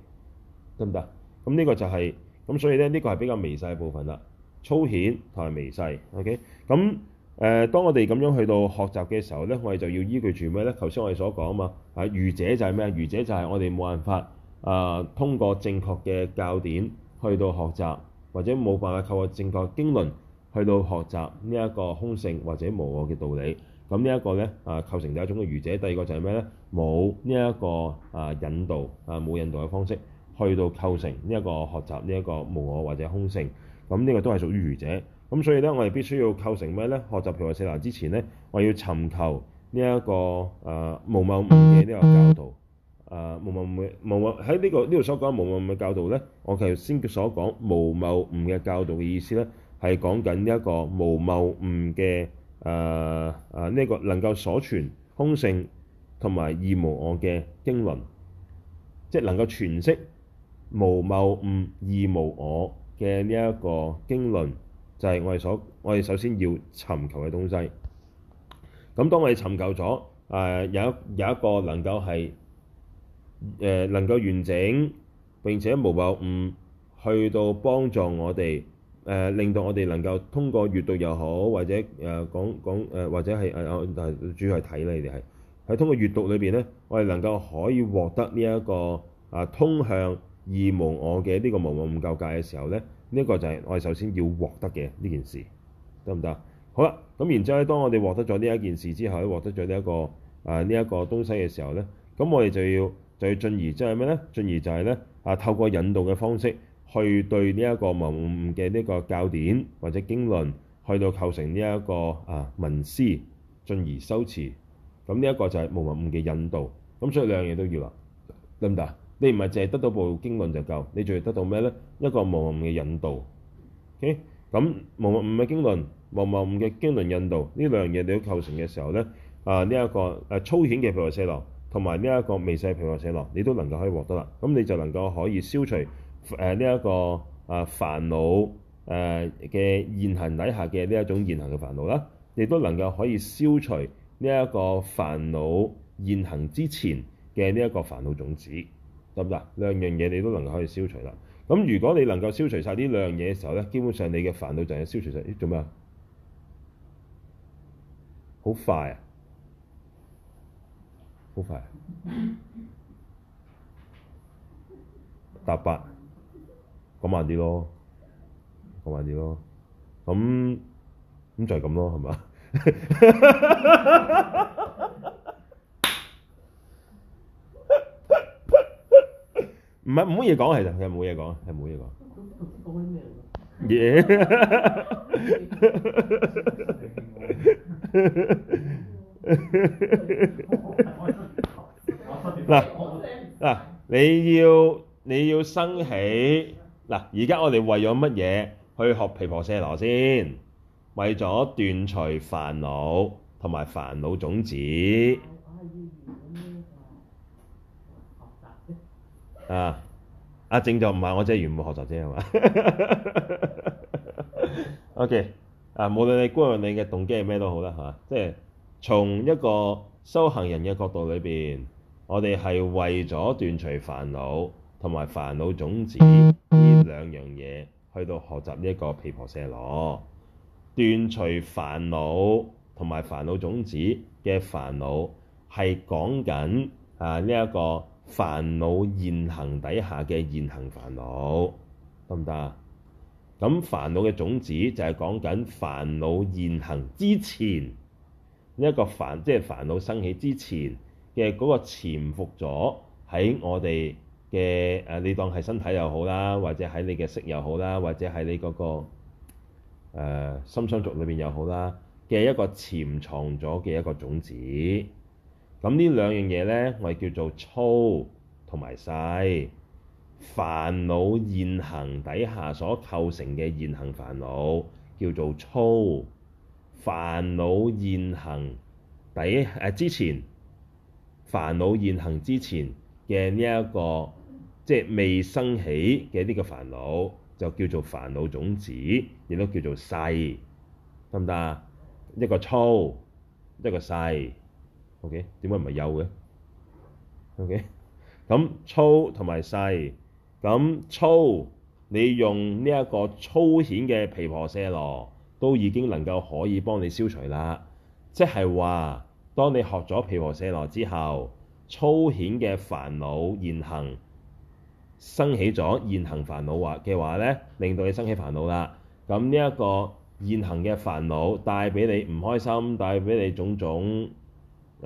得唔得？咁、這、呢個就係、是、咁，所以呢，呢、這個係比較微細嘅部分啦，粗顯同埋微細。OK，咁、嗯、誒，當我哋咁樣去到學習嘅時候呢，我哋就要依據住咩呢？頭先我哋所講啊嘛，啊愚者就係咩？愚者就係我哋冇辦法啊，通過正確嘅教典去到學習，或者冇辦法透過正確經論。去到學習呢一個空性或者無我嘅道理，咁呢一個咧啊構成第一種嘅愚者，第二就、這個就係咩咧？冇呢一個啊引導啊冇引導嘅方式去到構成呢一個學習呢一個無我或者空性，咁呢個都係屬於愚者。咁所以咧，我哋必須要構成咩咧？學習毘缽舍那之前咧，我要尋求呢、這、一個啊無謬誤嘅呢個教導啊無謬誤無謬喺呢個呢度、這個、所講無謬誤嘅教導咧，我其實先所講無謬誤嘅教導嘅意思咧。係講緊呢一個無謬誤嘅誒誒，呢、呃、一、這個能夠所傳空性同埋義無我嘅經論，即係能夠詮釋無謬誤義無我嘅呢一個經論，就係、是、我哋所我哋首先要尋求嘅東西。咁、嗯、當我哋尋求咗誒有有一個能夠係誒能夠完整並且無謬誤去到幫助我哋。誒令到我哋能夠通過閱讀又好，或者誒、呃、講講誒、呃、或者係誒誒，主要係睇啦，你哋係喺通過閱讀裏邊咧，我哋能夠可以獲得呢、這、一個啊通向二無我嘅呢、這個、這個、無我唔舊界嘅時候咧，呢、這、一個就係我哋首先要獲得嘅呢件事，得唔得？好啦，咁然之後咧，當我哋獲得咗呢一件事之後咧，獲得咗呢一個啊呢一、這個東西嘅時候咧，咁我哋就要就要進而即係咩咧？進而就係、是、咧啊透過引導嘅方式。去對呢一個無誤嘅呢個教典或者經論，去到構成呢、這、一個啊聞思，進而修持。咁呢一個就係無誤嘅引導。咁所以兩樣嘢都要啦，得唔得？你唔係淨係得到部經論就夠，你仲要得到咩呢？一個無誤嘅引導。OK，咁無誤嘅經論，無誤嘅經論引導呢兩樣嘢，你去構成嘅時候呢，啊，呢、這、一個誒、啊、粗顯嘅毘缽舍那，同埋呢一個微細嘅毘缽舍那，你都能夠可以獲得啦。咁你就能夠可以消除。誒呢一個啊、呃、煩惱誒嘅、呃、現行底下嘅呢一種現行嘅煩惱啦，你都能夠可以消除呢一個煩惱現行之前嘅呢一個煩惱種子，得唔得？兩樣嘢你都能夠可以消除啦。咁如果你能夠消除晒呢兩樣嘢嘅時候咧，基本上你嘅煩惱就係消除晒。做咩啊？好快啊！好快、啊。答八。講慢啲咯，講慢啲咯，咁咁就係咁咯，係咪啊？唔係冇嘢講，其實係冇嘢講，係冇嘢講。yeah，嗱嗱，你要你要生起。嗱，而家我哋為咗乜嘢去學毗婆舍那先？為咗斷除煩惱同埋煩惱種子。 啊，阿正就唔係，我只係原本學習啫，係嘛 ？OK，啊，無論你觀念你嘅動機係咩都好啦，係、啊、即係從一個修行人嘅角度裏邊，我哋係為咗斷除煩惱。同埋煩惱種子呢兩樣嘢，去到學習呢一個毘缽舍那斷除煩惱同埋煩惱種子嘅煩惱，係講緊啊呢一個煩惱現行底下嘅現行煩惱，得唔得啊？咁、嗯、煩惱嘅種子就係講緊煩惱現行之前一個煩，即係煩惱生起之前嘅嗰個潛伏咗喺我哋嘅誒，你當係身體又好啦，或者喺你嘅色又好啦，或者喺你嗰、那個誒、呃、心相續裏面又好啦嘅一個潛藏咗嘅一個種子。咁呢兩樣嘢咧，我哋叫做粗同埋細。煩惱現行底下所構成嘅現行煩惱叫做粗，煩惱現行底誒、啊、之前煩惱現行之前嘅呢一個。即係未生起嘅呢個煩惱，就叫做煩惱種子，亦都叫做細得唔得啊？一個粗，一個細。OK，點解唔係幼嘅？OK，咁粗同埋細，咁粗你用呢一個粗顯嘅毘缽舍那，都已經能夠可以幫你消除啦。即係話，當你學咗毘缽舍那之後，粗顯嘅煩惱現行。生起咗現行煩惱話嘅話呢，令到你生起煩惱啦。咁呢一個現行嘅煩惱帶俾你唔開心，帶俾你種種誒誒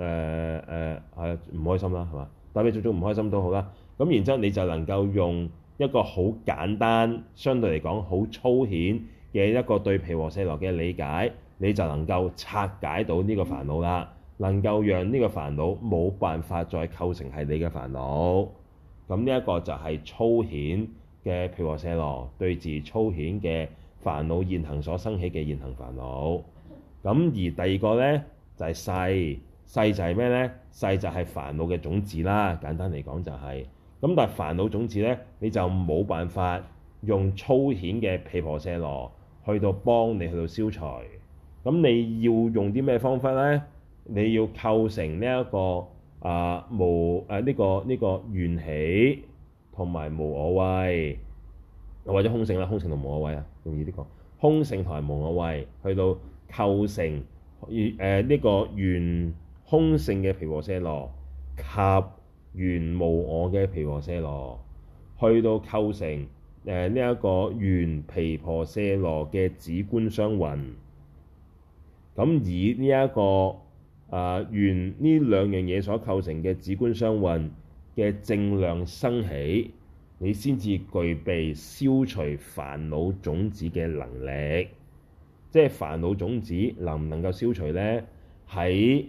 係唔開心啦，係嘛？帶俾種種唔開心都好啦。咁然之後你就能夠用一個好簡單、相對嚟講好粗淺嘅一個對皮和細落嘅理解，你就能夠拆解到呢個煩惱啦，能夠讓呢個煩惱冇辦法再構成係你嘅煩惱。咁呢一個就係粗顯嘅毗婆舍那對治粗顯嘅煩惱現行所生起嘅現行煩惱。咁而第二個呢，就係細細就係咩呢？細就係煩惱嘅種子啦。簡單嚟講就係咁。咁但係煩惱種子呢，你就冇辦法用粗顯嘅毗婆舍那去到幫你去到消除。咁你要用啲咩方法呢？你要構成呢、這、一個。啊無誒呢、啊這個呢、這個緣起同埋無我慧，或、啊、者空性啦，空性同無我慧啊，容易啲講，空性同埋無我慧。去到構成以呢、呃這個緣空性嘅毘缽舍那及緣無我嘅毘缽舍那，去到構成誒呢一個緣毘缽舍那嘅止觀雙運，咁、嗯、以呢、這、一個。啊！原呢兩樣嘢所構成嘅止觀雙運嘅正量生起，你先至具備消除煩惱種子嘅能力。即係煩惱種子能唔能夠消除呢？喺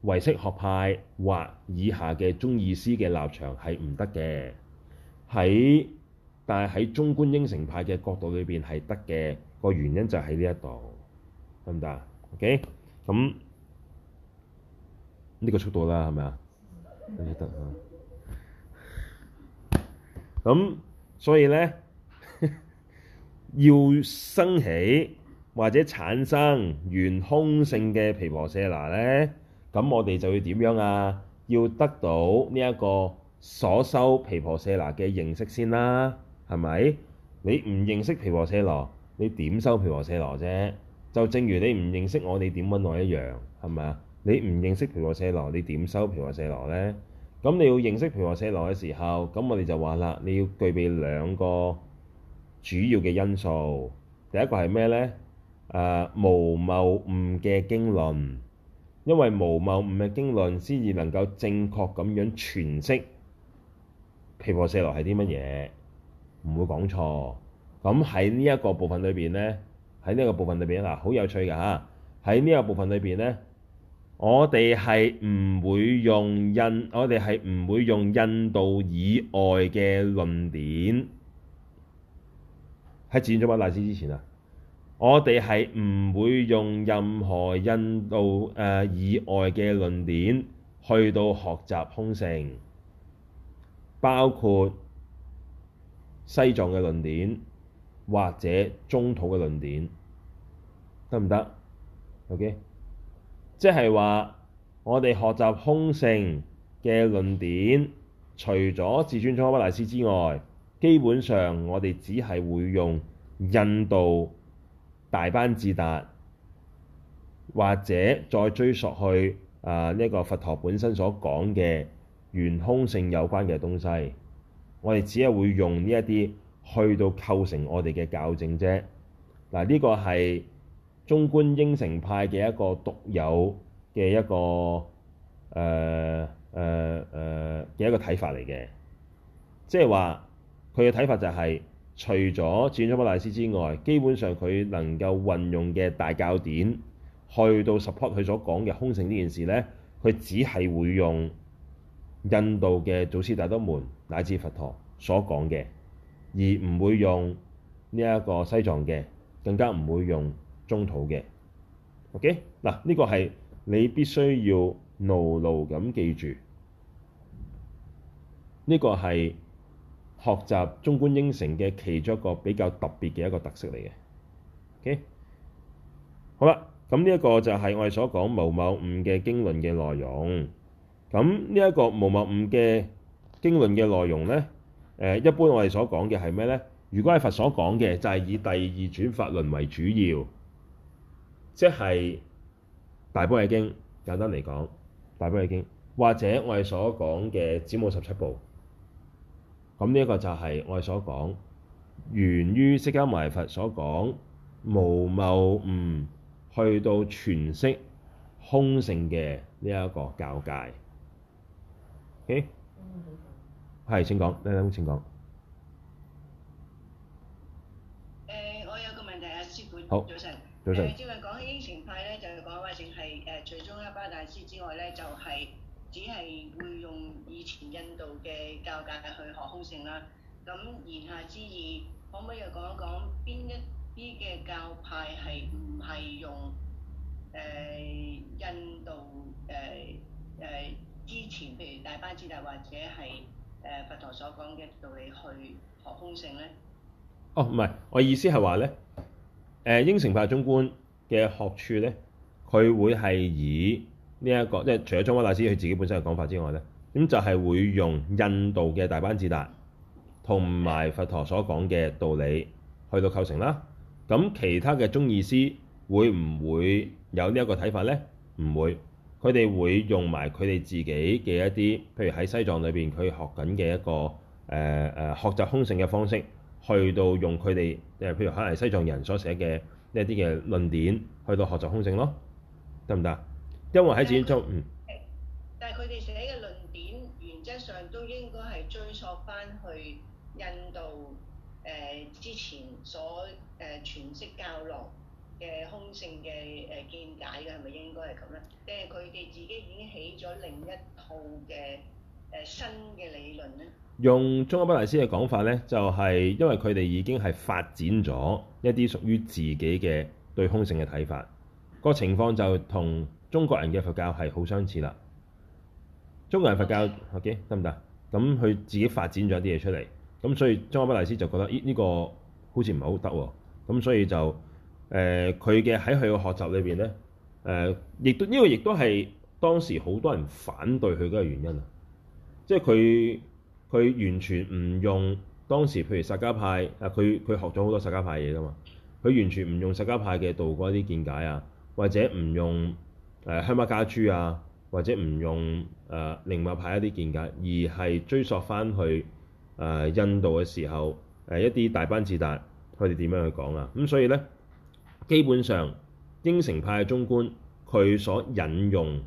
唯識學派或以下嘅中意思嘅立場係唔得嘅。喺但係喺中觀應成派嘅角度裏邊係得嘅。個原因就喺呢一度。得唔得？OK 咁、嗯。呢個速度啦，係咪啊？都得啊！咁所以咧，要生起或者產生圓空性嘅毘缽舍那咧，咁我哋就要點樣啊？要得到呢一個所修毘缽舍那嘅認識先啦，係咪？你唔認識毘缽舍那，你點修毘缽舍那啫？就正如你唔認識我，你點揾我一樣，係咪啊？你唔認識毘缽舍那，你點修毘缽舍那咧？咁你要認識毘缽舍那嘅時候，咁我哋就話啦，你要具備兩個主要嘅因素。第一個係咩咧？誒、啊、無謬誤嘅經論，因為無謬誤嘅經論先至能夠正確咁樣詮釋毘缽舍那係啲乜嘢，唔會講錯。咁喺呢一個部分裏邊咧，喺呢個部分裏邊嗱，好有趣㗎吓。喺呢個部分裏邊咧。我哋係唔會用印，我哋係唔會用印度以外嘅論點喺宗喀巴大師之前啊！我哋係唔會用任何印度、呃、以外嘅論點去到學習空性，包括西藏嘅論點或者中土嘅論點，得唔得？OK。即係話，我哋學習空性嘅論點，除咗至尊宗喀巴大師之外，基本上我哋只係會用印度大班智達，或者再追溯去呢一、啊呢個佛陀本身所講嘅原空性有關嘅東西，我哋只係會用呢一啲去到構成我哋嘅教證啫。嗱、啊，呢、呢個係。中觀應成派嘅一個獨有嘅一個誒誒誒嘅一個睇法嚟嘅，即係話佢嘅睇法就係、是、除咗至尊宗喀巴大師之外，基本上佢能夠運用嘅大教典去到 support 佢所講嘅空性呢件事咧，佢只係會用印度嘅祖師大德們乃至佛陀所講嘅，而唔會用呢一個西藏嘅，更加唔會用。中土嘅，OK 嗱，呢個係你必須要牢牢咁記住。呢、這個係學習中觀應成嘅其中一個比較特別嘅一個特色嚟嘅。OK，好啦，咁呢一個就係我哋所講無謬誤嘅經論嘅內容。咁呢一個無謬誤嘅經論嘅內容咧，誒、呃、一般我哋所講嘅係咩咧？如果係佛所講嘅，就係、是、以第二轉法輪為主要。即係《大悲經》，簡單嚟講，《大悲經》，或者我哋所講嘅《止母十七步》。咁呢一個就係我哋所講，源於釋迦牟尼佛所講無謬誤，去到全息空性嘅呢一個教界。OK，係請講，等等請講。誒，我有個問題啊，師傅。好，早晨上、呃。早晨。呃早之外咧，就係、是、只係會用以前印度嘅教界去學空性啦。咁言下之意，可唔可以講,講一講邊一啲嘅教派係唔係用誒、呃、印度誒誒、呃呃、之前，譬如大班智達或者係誒、呃、佛陀所講嘅道理去學空性咧？哦，唔係，我意思係話咧，誒應成派中觀嘅學處咧，佢會係以。呢一個即係除咗中華大師佢自己本身嘅講法之外咧，咁就係會用印度嘅大班智達同埋佛陀所講嘅道理去到構成啦。咁其他嘅宗義師會唔會有呢一個睇法咧？唔會，佢哋會用埋佢哋自己嘅一啲，譬如喺西藏裏邊佢學緊嘅一個誒誒、呃、學習空性嘅方式，去到用佢哋，即係譬如可能係西藏人所寫嘅呢一啲嘅論點，去到學習空性咯，得唔得？因為喺始終，但係佢哋寫嘅論點原則上都應該係追溯翻去印度誒、呃、之前所誒、呃、全釋教論嘅空性嘅誒見解嘅，係咪應該係咁咧？定係佢哋自己已經起咗另一套嘅誒、呃、新嘅理論咧？用中阿不達斯嘅講法咧，就係、係、因為佢哋已經係發展咗一啲屬於自己嘅對空性嘅睇法，個情況就同。中國人嘅佛教係好相似啦。中國人佛教，OK 得唔得？咁、嗯、佢自己發展咗啲嘢出嚟，咁所以宗喀巴大師就覺得依呢個好似唔係好得喎。咁所以就誒佢嘅喺佢嘅學習裏邊咧，誒、呃、亦都呢個亦都係當時好多人反對佢嗰個原因啊。即係佢佢完全唔用當時譬如薩迦派啊，佢佢學咗好多薩迦派嘢噶嘛，佢完全唔用薩迦派嘅道果一啲見解啊，或者唔用。誒香巴加珠啊，或者唔用誒、呃、靈物派一啲見解，而係追溯翻去誒、呃、印度嘅時候，誒、呃、一啲大班智達佢哋點樣去講啊？咁、嗯、所以咧，基本上應成派嘅中觀佢所引用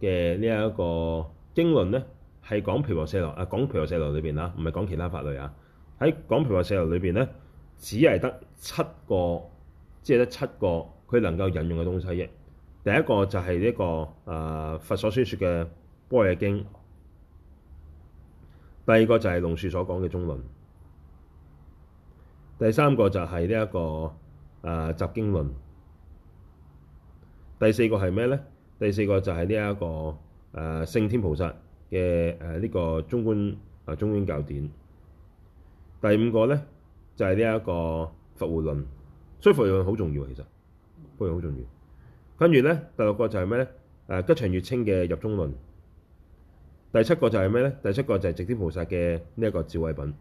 嘅呢一個經論咧，係講毘缽舍那啊，講毘缽舍那裏邊啦，唔係講其他法類啊。喺講毘缽舍那裏邊咧，只係得七個，即係得七個佢能夠引用嘅東西啫。第一個就係呢一個、呃、佛所宣說嘅《般若經》，第二個就係龍樹所講嘅《中論》，第三個就係呢一個呃、《集經論》，第四個係咩呢？第四個就係呢一個誒、呃、聖天菩薩嘅誒呢個中觀啊、呃、中觀教典，第五個呢，就係呢一個《佛護論》，所以佛護論好重要，其實，佛護論好重要。跟住咧，第六個就係咩咧？誒，吉祥月稱嘅入中論。第七個就係咩咧？第七個就係寂天菩薩嘅呢一個智慧品。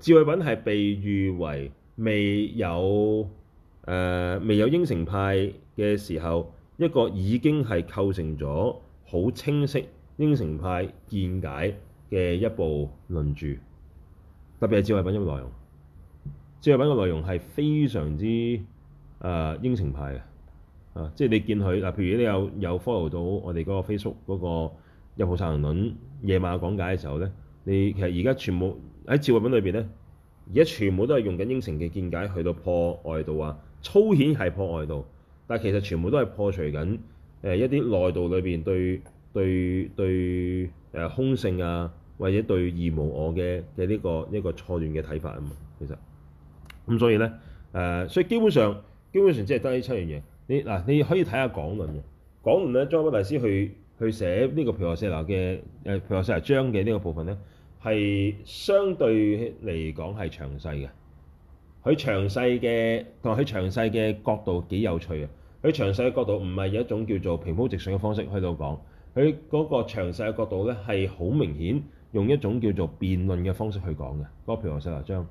智慧品係被譽為未有誒、呃、未有應成派嘅時候，一個已經係構成咗好清晰應成派見解嘅一部論著。特別係智慧品嘅內容，智慧品嘅內容係非常之誒應成派嘅。啊！即係你見佢嗱，譬如你有有 follow 到我哋嗰個 Facebook 嗰、那個《入菩薩行論》夜晚講解嘅時候咧，你其實而家全部喺智慧品裏邊咧，而家全部都係用緊應成嘅見解去到破外道啊！粗顯係破外道，但係其實全部都係破除緊誒、呃、一啲內道裏邊對對對誒、呃、空性啊，或者對二無我嘅嘅呢個一、這個錯亂嘅睇法啊嘛。其實咁、嗯、所以咧誒、呃，所以基本上基本上即係得呢七樣嘢。你嗱，你可以睇下《廣論》嘅《廣論》咧，宗喀巴大師去去寫呢個《毘缽舍那》嘅、呃、誒《毘缽舍那》章嘅呢個部分咧，係相對嚟講係詳細嘅。佢詳細嘅同埋佢詳細嘅角度幾有趣啊！佢詳細嘅角度唔係一種叫做平鋪直敍嘅方式去到講，佢嗰個詳細嘅角度咧係好明顯用一種叫做辯論嘅方式去講嘅。嗰《毘缽舍那》章。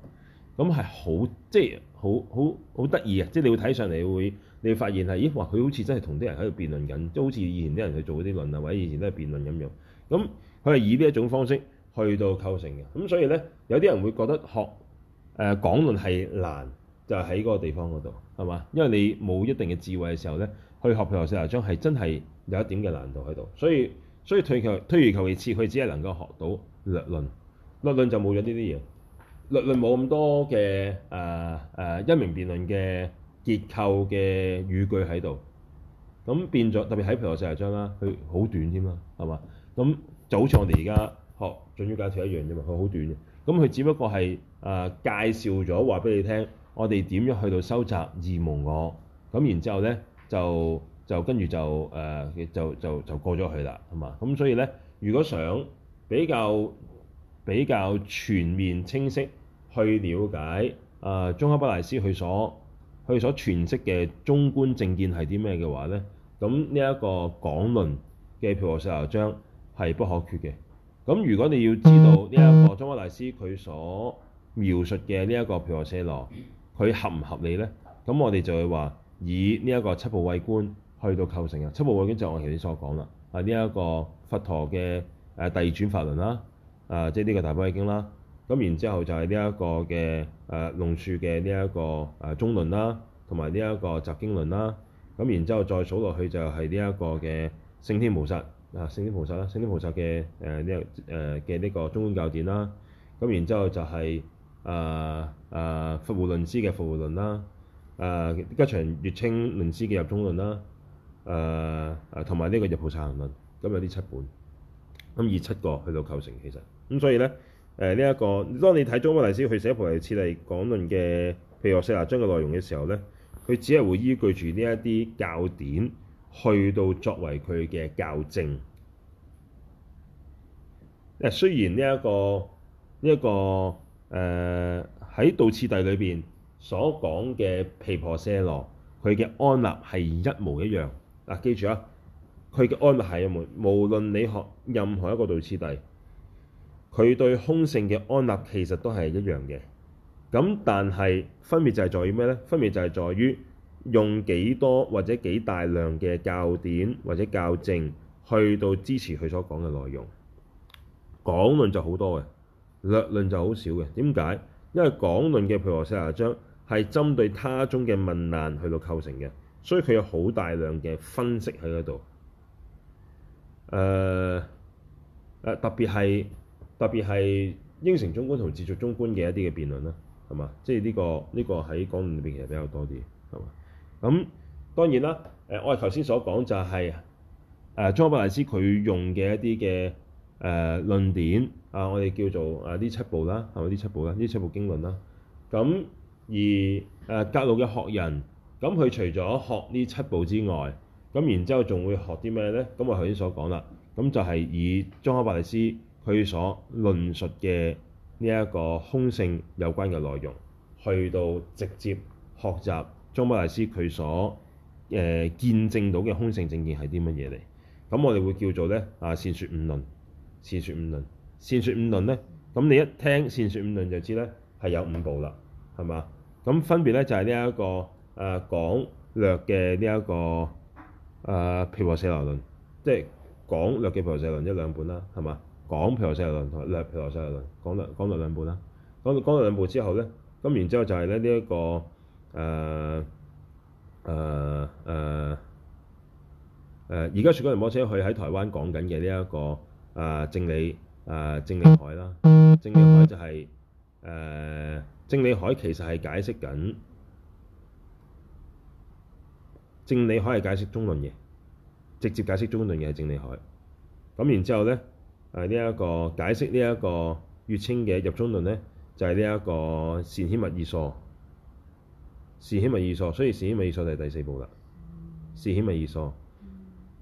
咁係好即係好好好得意啊！即係、就是就是、你會睇上嚟會，你會發現係咦，話佢好似真係同啲人喺度辯論緊，都好似以前啲人去做嗰啲論啊，或者以前都係辯論咁樣。咁佢係以呢一種方式去到構成嘅。咁所以咧，有啲人會覺得學誒廣論係難，就喺、是、嗰個地方嗰度係嘛？因為你冇一定嘅智慧嘅時候咧，去學《學四大章》係真係有一點嘅難度喺度。所以所以退求推而求其次，佢只係能夠學到略論，略論就冇咗呢啲嘢。略略冇咁多嘅誒誒因明辯論嘅結構嘅語句喺度，咁變咗特別喺毘缽舍那章啦，佢好短添嘛，係嘛？咁就好似我哋而家學《準珠介紹》一樣啫嘛，佢好短嘅。咁佢只不過係誒、呃、介紹咗話俾你聽，我哋點樣去到修習二無我，咁然之後咧就就跟住就誒、呃、就就就，就過咗去啦，係嘛？咁所以咧，如果想比較比較全面清晰，去了解啊、呃，宗喀巴大師佢所佢所詮釋嘅中觀正見係啲咩嘅話咧？咁呢一個廣論嘅《毘缽舍那章》係不可缺嘅。咁如果你要知道呢一個宗喀巴大師佢所描述嘅呢一個毘缽舍那，佢合唔合理咧？咁我哋就會話以呢一個七部位觀去到構成啊。七部位觀就我頭先所講啦，係呢一個佛陀嘅誒、呃、第二轉法輪啦，啊即係呢個《大般若經》啦、啊。咁然之後就係呢一個嘅誒、呃、龍樹嘅呢一個誒、呃、中論啦，同埋呢一個集經論啦。咁然之後再數落去就係呢一個嘅聖天菩薩啊，聖天菩薩啦，聖天菩薩嘅誒呢誒嘅呢個中觀、呃呃這個、教典啦。咁然之後就係誒誒佛護論師嘅佛護論啦，誒、呃、吉祥月清論師嘅入中論啦，誒誒同埋呢個入菩薩行論。咁有啲七本，咁、嗯、二七個去到構成其實咁、嗯，所以咧。誒呢一個，當你睇中華大師去寫菩提次第講論嘅《毘缽舍那章》嘅內容嘅時候咧，佢只係會依據住呢一啲教典去到作為佢嘅教證。誒、呃，雖然呢、這、一個呢一、這個誒喺、呃、道次第裏邊所講嘅《毘缽舍那》，佢嘅安立係一模一樣。嗱、呃，記住啊，佢嘅安立係一模，無論你學任何一個道次第。佢對空性嘅安立其實都係一樣嘅，咁但係分別就係在於咩呢？分別就係在於用幾多或者幾大量嘅教典或者教證去到支持佢所講嘅內容。廣論就好多嘅，略論就好少嘅。點解？因為廣論嘅《菩提二十章》係針對他宗嘅問難去到構成嘅，所以佢有好大量嘅分析喺嗰度。誒、呃呃、特別係。特別係應承中觀同自續中觀嘅一啲嘅辯論啦，係嘛？即係呢、呢個呢、呢個喺講論裏邊其實比較多啲，係嘛？咁當然啦，誒、呃、我哋頭先所講就係誒莊海伯大師佢用嘅一啲嘅誒論點啊、呃，我哋叫做啊呢、呃、七部啦，係咪呢七部啦？呢七部經論啦。咁而誒、呃、格魯嘅學人咁佢除咗學呢七部之外，咁然之後仲會學啲咩咧？咁我頭先所講啦，咁就係以莊海伯大師。佢所論述嘅呢一個空性有關嘅內容，去到直接學習中巴大師佢所誒、呃、見證到嘅空性證件係啲乜嘢嚟？咁我哋會叫做咧啊善説五論，善説五論，善説五論咧。咁你一聽善説五論就知咧係有五部啦，係嘛？咁分別咧就係呢一個誒、呃、講略嘅呢一個誒《菩、呃、提四流論》，即係講略嘅《菩提四流論》一、就是、兩本啦，係嘛？講皮球世壇論，講皮球世壇論，講落講落兩部啦，講講落兩部之後咧，咁、嗯、然之後就係咧呢一、這個誒誒誒誒，而家雪歌仁波切喺台灣講緊嘅呢一個誒正理誒、呃、正理海啦，正理海就係、是、誒、呃、正理海其實係解釋緊正理海係解釋中論嘅，直接解釋中論嘅係正理海，咁、嗯、然之後咧。誒呢一個解釋呢一個月稱嘅入中論咧，就係呢一個善顯密意疏，善顯密意疏，所以善顯密意疏就係、是、第四部啦。善顯密意疏，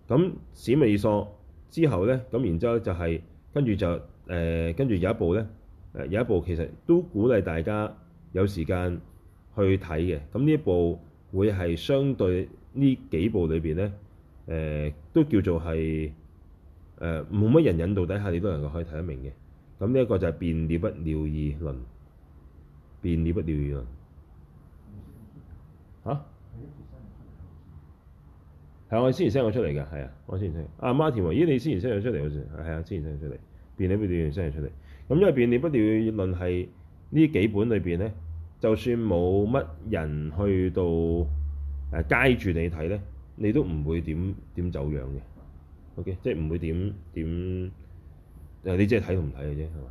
咁善顯密意疏之後咧，咁然之後就係跟住就誒，跟、呃、住有一部咧，誒、呃、有一部其實都鼓勵大家有時間去睇嘅。咁呢一部會係相對呢幾部裏邊咧，誒、呃、都叫做係。誒冇乜人引導底下，你都能夠可以睇得明嘅。咁呢一個就係《辯了不了義論》，《辯了不了義論》嚇、啊，係我先前 send 我出嚟嘅，係啊，我先前 send。阿馬田，咦、啊啊？你先前 send 我出嚟好似，係啊，先前 send 出嚟，《辯了不了義論》先前出嚟。咁因為《辯了不了義論》係呢幾本裏邊咧，就算冇乜人去到誒介住你睇咧，你都唔會點點走樣嘅。O.K. 即係唔會點點，誒你即係睇同唔睇嘅啫，係嘛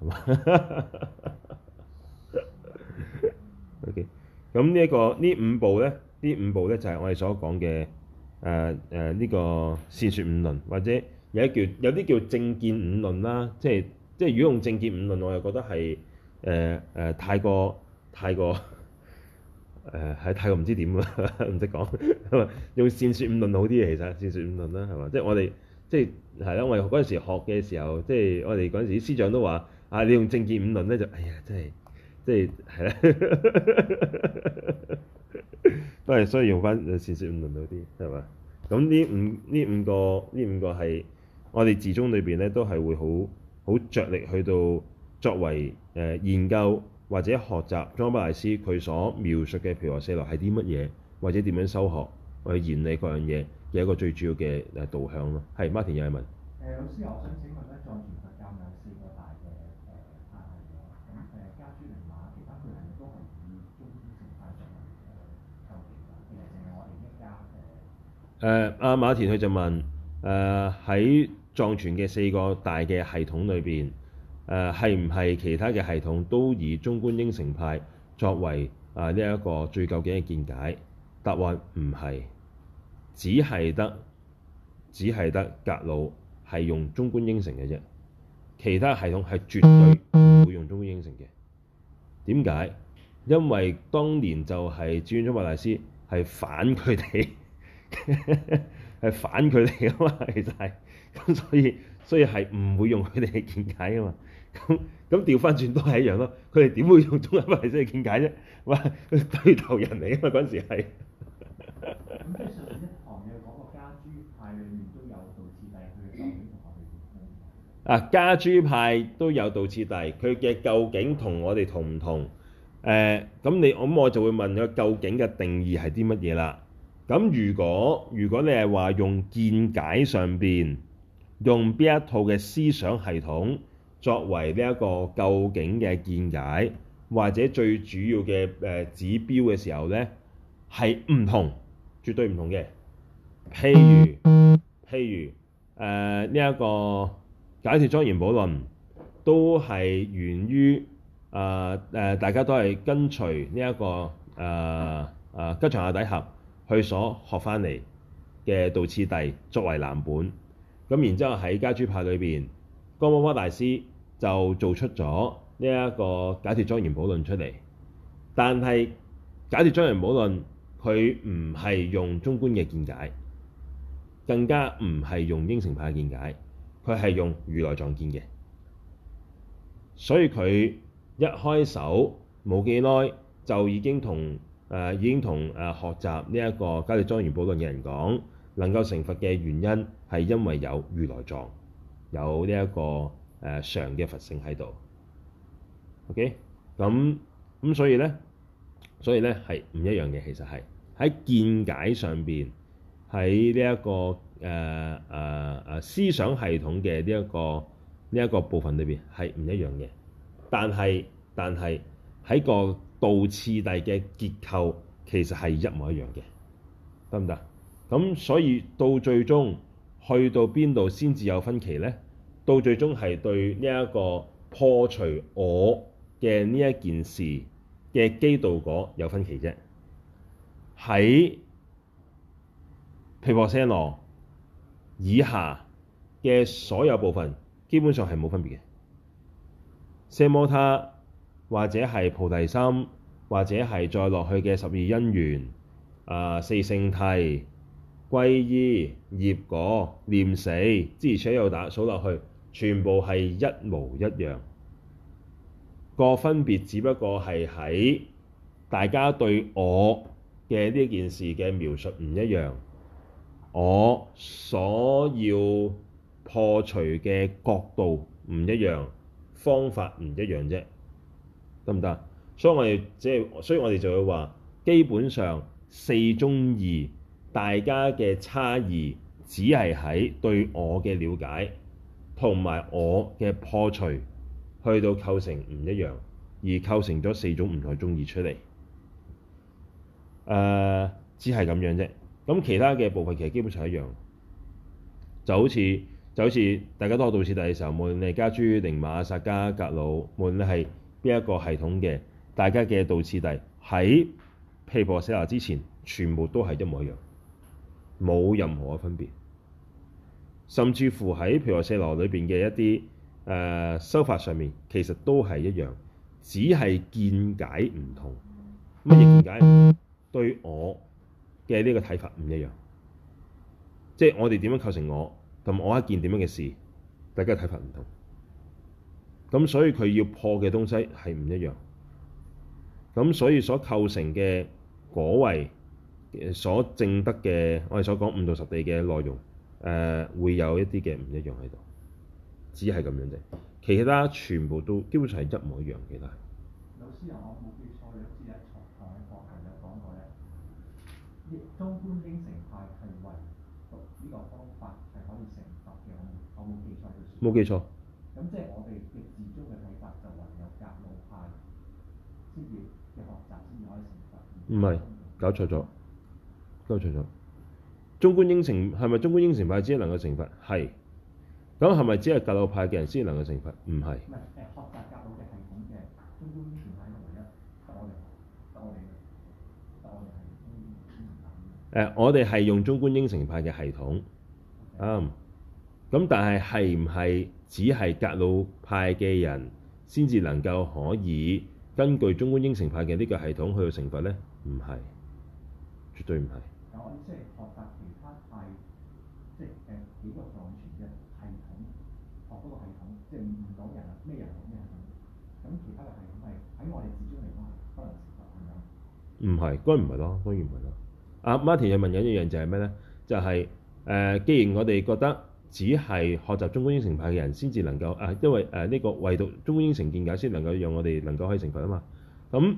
係嘛。 O.K. 咁呢一個呢五步咧，呢五步咧就係、是、我哋所講嘅誒誒呢個善説五論，或者有啲叫有啲叫正見五論啦。即係即係如果用正見五論，我又覺得係誒誒太過太過。太過誒喺泰國唔知點啊，唔識講，用善説五論好啲嘅，其實善説五論啦，係嘛？即係我哋即係係咯，我哋嗰陣時學嘅時候，即係我哋嗰陣時師長都話：啊，你用正見五論咧，就哎呀，真係即係係啦， 都係所以用翻善説五論好啲，係嘛？咁呢五呢五個呢五個係我哋自中裏邊咧，都係會好好着力去到作為誒、呃、研究。或者學習莊巴大師佢所描述嘅，譬如話四流係啲乜嘢，或者點樣修學，去言理各樣嘢嘅一個最主要嘅誒導向咯。係、呃啊、馬田有嘢問。誒老師，我想請問咧，藏傳佛教有四個大嘅誒派嘅，咁誒加諸另外其他嘅人都係以中正法場嚟求解嘅，定係我哋一教誒？阿、啊、馬田佢就問誒喺、呃、藏傳嘅四個大嘅系統裏邊。誒係唔係其他嘅系統都以中觀應成派作為啊呢一個最究竟嘅見解？答案唔係，只係得，只係得格魯係用中觀應成嘅啫，其他系統係絕對唔會用中觀應成嘅。點解？因為當年就係專修法大師係反佢哋，係 反佢哋啊嘛，其實係咁，所以所以係唔會用佢哋嘅見解啊嘛。咁咁調翻轉都係一樣咯。佢哋點會用中立派嘅見解啫？哇，對頭人嚟噶嘛！嗰陣時係啊，家豬派都有道次第，佢講嘅係點先？啊，家豬派都有道次第，佢嘅究竟同我哋同唔同？誒、呃，咁你咁我就會問佢究竟嘅定義係啲乜嘢啦？咁如果如果你係話用見解上邊，用邊一套嘅思想系統，作為呢一個究竟嘅見解，或者最主要嘅誒指標嘅時候咧，係唔同，絕對唔同嘅。譬如譬如誒呢一個解脫莊嚴寶論，都係源於啊誒、呃呃、大家都係跟隨呢、這、一個啊啊、呃呃、吉祥阿底峽去所學翻嚟嘅道次第作為藍本，咁然之後喺家珠派裏邊江波波大師。就做出咗呢一個解脫莊嚴寶論出嚟，但係解脫莊嚴寶論佢唔係用中觀嘅見解，更加唔係用應成派嘅見解，佢係用如來藏見嘅。所以佢一開手冇幾耐就已經同誒、呃、已經同誒學習呢、這、一個解脫莊嚴寶論嘅人講，能夠成佛嘅原因係因為有如來藏，有呢、這、一個。誒常嘅佛性喺度，OK，咁咁所以咧，所以咧係唔一樣嘅，其實係喺見解上邊，喺呢一個誒誒誒思想系統嘅呢一個呢一個部分裏邊係唔一樣嘅，但係但係喺個道次第嘅結構其實係一模一樣嘅，得唔得？咁、嗯、所以到最終去到邊度先至有分歧咧？到最終係對呢一個破除我嘅呢一件事嘅基道果有分歧啫。喺毘婆舍那以下嘅所有部分，基本上係冇分別嘅。奢摩他或者係菩提心，或者係再落去嘅十二因緣、啊、呃、四聖諦、歸依、業果、念死，之前有打數落去。全部係一模一樣，個分別只不過係喺大家對我嘅呢件事嘅描述唔一樣，我所要破除嘅角度唔一樣，方法唔一樣啫，得唔得？所以我哋即係，所以我哋就會話，基本上四中二，大家嘅差異只係喺對我嘅了解。同埋我嘅破除去到構成唔一樣，而構成咗四種唔同嘅宗義出嚟，誒、uh, 只係咁樣啫。咁其他嘅部分其實基本上一樣，就好似就好似大家都學道次第嘅時候，無論你係噶舉定馬薩迦格魯，無論係邊一個系統嘅，大家嘅道次第喺毘缽舍那之前，全部都係一模一樣，冇任何嘅分別。甚至乎喺譬如話四羅裏邊嘅一啲誒、呃、修法上面，其實都係一樣，只係見解唔同。乜嘢見解對我嘅呢個睇法唔一樣，即係我哋點樣構成我，同我一件點樣嘅事，大家睇法唔同。咁所以佢要破嘅東西係唔一樣。咁所以所構成嘅果位，所證得嘅，我哋所講五道十地嘅內容。誒、呃、會有一啲嘅唔一樣喺度，只係咁樣啫，其他全部都基本上係一模一樣。其他老師啊，我冇記錯，你好似喺財行嘅課程嘅講過咧，亦中觀應成派係為讀呢個方法係可以成佛嘅，我冇記錯冇記錯。咁即係我哋嘅自宗嘅睇法，就唯有格魯派先至嘅學習先至可以成佛。唔係，搞錯咗，搞錯咗。中觀應成係咪中觀應成派只能夠成佛？係。咁係咪只係格魯派嘅人先能夠成佛？唔係。系統、嗯啊、我哋係用中觀應成派嘅系統，啱。咁但係係唔係只係格魯派嘅人先至能夠可以根據中觀應成派嘅呢個系統去到成佛咧？唔係，絕對唔係。系統學嗰系統，即係唔唔講咩人咩系統。咁其他嘅系統係喺我哋始終嚟講係不能少嘅。唔係，當然唔係咯，當然唔係咯。阿 Martin 又問緊一樣就係咩咧？就係、是、誒、呃，既然我哋覺得只係學習中觀應成派嘅人先至能夠誒、呃，因為誒呢個唯獨中觀應成見解先能夠讓我哋能夠可以成佛啊嘛。咁、嗯、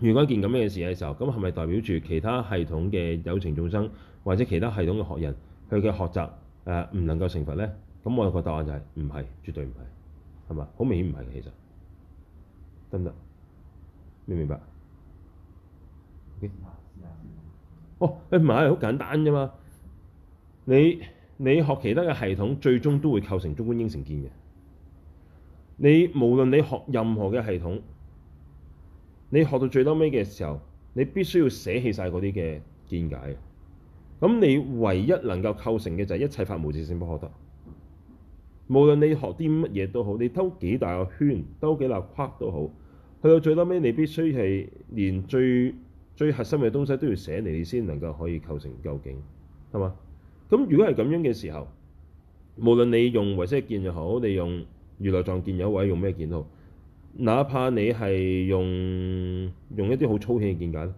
如果一件咁嘅事嘅時候，咁係咪代表住其他系統嘅有情眾生或者其他系統嘅學人去嘅學習？誒唔，呃、能夠成佛咧？咁我有個答案就係唔係，絕對唔係，係嘛？好明顯唔係嘅其實，得唔得？明唔明白？Okay? 哦，唔係好簡單啫嘛！你你學其他嘅系統，最終都會構成中觀應成見嘅。你無論你學任何嘅系統，你學到最嬲尾嘅時候，你必須要捨棄曬嗰啲嘅見解咁你唯一能夠構成嘅就係一切法無自性不可得。無論你學啲乜嘢都好，你兜幾大個圈，兜幾大圈都好，去到最拉尾，你必須係連最，最核心嘅東西都要寫嚟，你先能夠可以構成究竟，係嘛？咁如果係咁樣嘅時候，無論你用唯識嘅見又好，你用如來藏見又好，或者用咩見都好，哪怕你係用用一啲好粗淺嘅見解。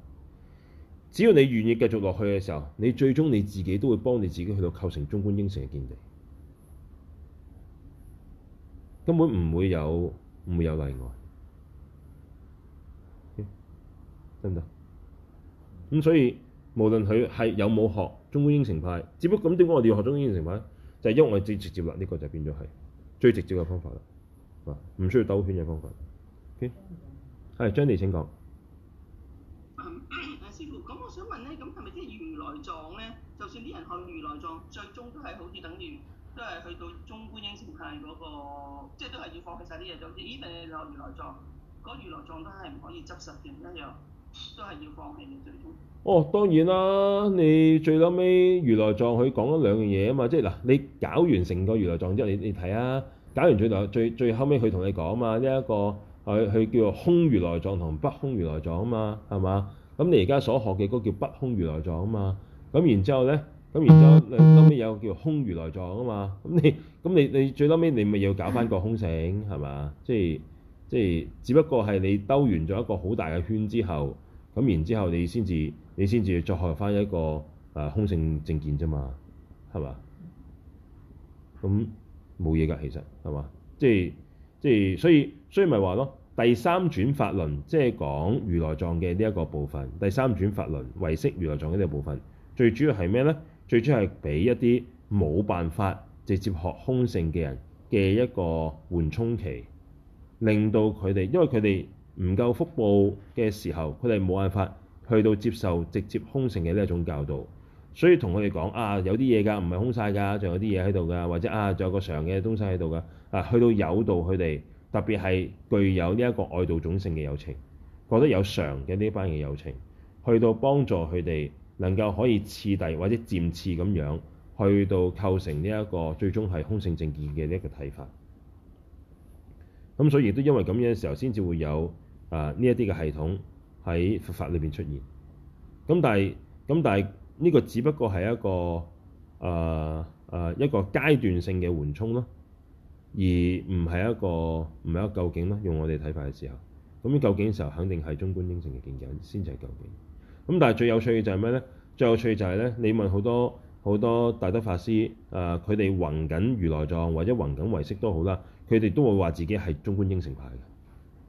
只要你願意繼續落去嘅時候，你最終你自己都會幫你自己去到構成中觀應成嘅見地，根本唔會有唔會有例外，得唔得？咁所以無論佢係有冇學中觀應成派，只不過咁點解我哋要學中觀應成派呢？就係、是、因為我哋最直接啦，呢、這個就變咗係最直接嘅方法啦，唔需要兜圈嘅方法。O.K.，係、嗯、是張地請講。嗯。啲人學如來藏，最終都係好似等於都係去到中觀應成嗰個，即係都係要放棄晒啲嘢。總之，依啲你學如來藏，嗰如來藏都係唔可以執實嘅一樣，都係要放棄嘅最終。哦，當然啦！你最後尾如來藏，佢講咗兩樣嘢啊嘛，即係嗱，你搞完成個如來藏之後，你你睇啊，搞完最後最最後尾佢同你講啊嘛，一個佢佢叫做空如來藏同不空如來藏啊嘛，係嘛？咁你而家所學嘅嗰叫不空如來藏啊嘛。咁然之後咧，咁然之後你後尾有個叫空如來藏啊嘛？咁你咁你你最後屘你咪要搞翻個空性係嘛？即係即係，只不過係你兜完咗一個好大嘅圈之後，咁然之後你先至你先至再學翻一個啊、呃、空性正見啫嘛，係嘛？咁冇嘢㗎，其實係嘛？即係即係，所以所以咪話咯，第三轉法輪即係講如來藏嘅呢一個部分，第三轉法輪唯識如來藏嘅呢個部分。最主要係咩呢？最主要係俾一啲冇辦法直接學空性嘅人嘅一個緩衝期，令到佢哋，因為佢哋唔夠福報嘅時候，佢哋冇辦法去到接受直接空性嘅呢一種教導。所以同佢哋講啊，有啲嘢㗎，唔係空晒㗎，仲有啲嘢喺度㗎，或者啊，仲有個常嘅東西喺度㗎啊。去到誘導佢哋，特別係具有呢一個愛道種性嘅有情，覺得有常嘅呢班嘅有情，去到幫助佢哋。能夠可以次第或者漸次咁樣去到構成呢、這、一個最終係空性正見嘅呢一個睇法。咁所以亦都因為咁樣嘅時候，先至會有啊呢一啲嘅系統喺佛法裏邊出現。咁但係，咁但係呢個只不過係一個啊啊、呃呃、一個階段性嘅緩衝咯，而唔係一個唔係一個究竟咯。用我哋睇法嘅時候，咁究竟嘅時候，肯定係中觀應成嘅見解先至係究竟。咁但係最有趣嘅就係咩咧？最有趣嘅就係咧，你問好多好多大德法師，誒、呃，佢哋弘緊如來藏或者弘緊唯識都好啦，佢哋都會話自己係中觀應成派嘅。呢、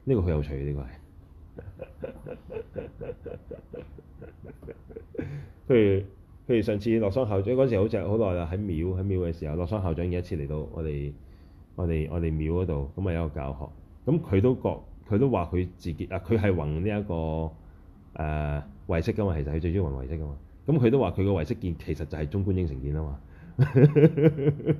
這個好有趣嘅呢、這個係。譬 如譬如上次洛桑校長嗰時，好似係好耐啦，喺廟喺廟嘅時候，洛桑校長有一次嚟到我哋我哋我哋廟嗰度，咁咪有一個教學。咁佢都覺佢都話佢自己啊，佢係弘呢一個。誒唯識㗎嘛，其實佢最中意玩唯識㗎嘛，咁、嗯、佢都話佢個唯識見其實就係中觀應成見啊嘛。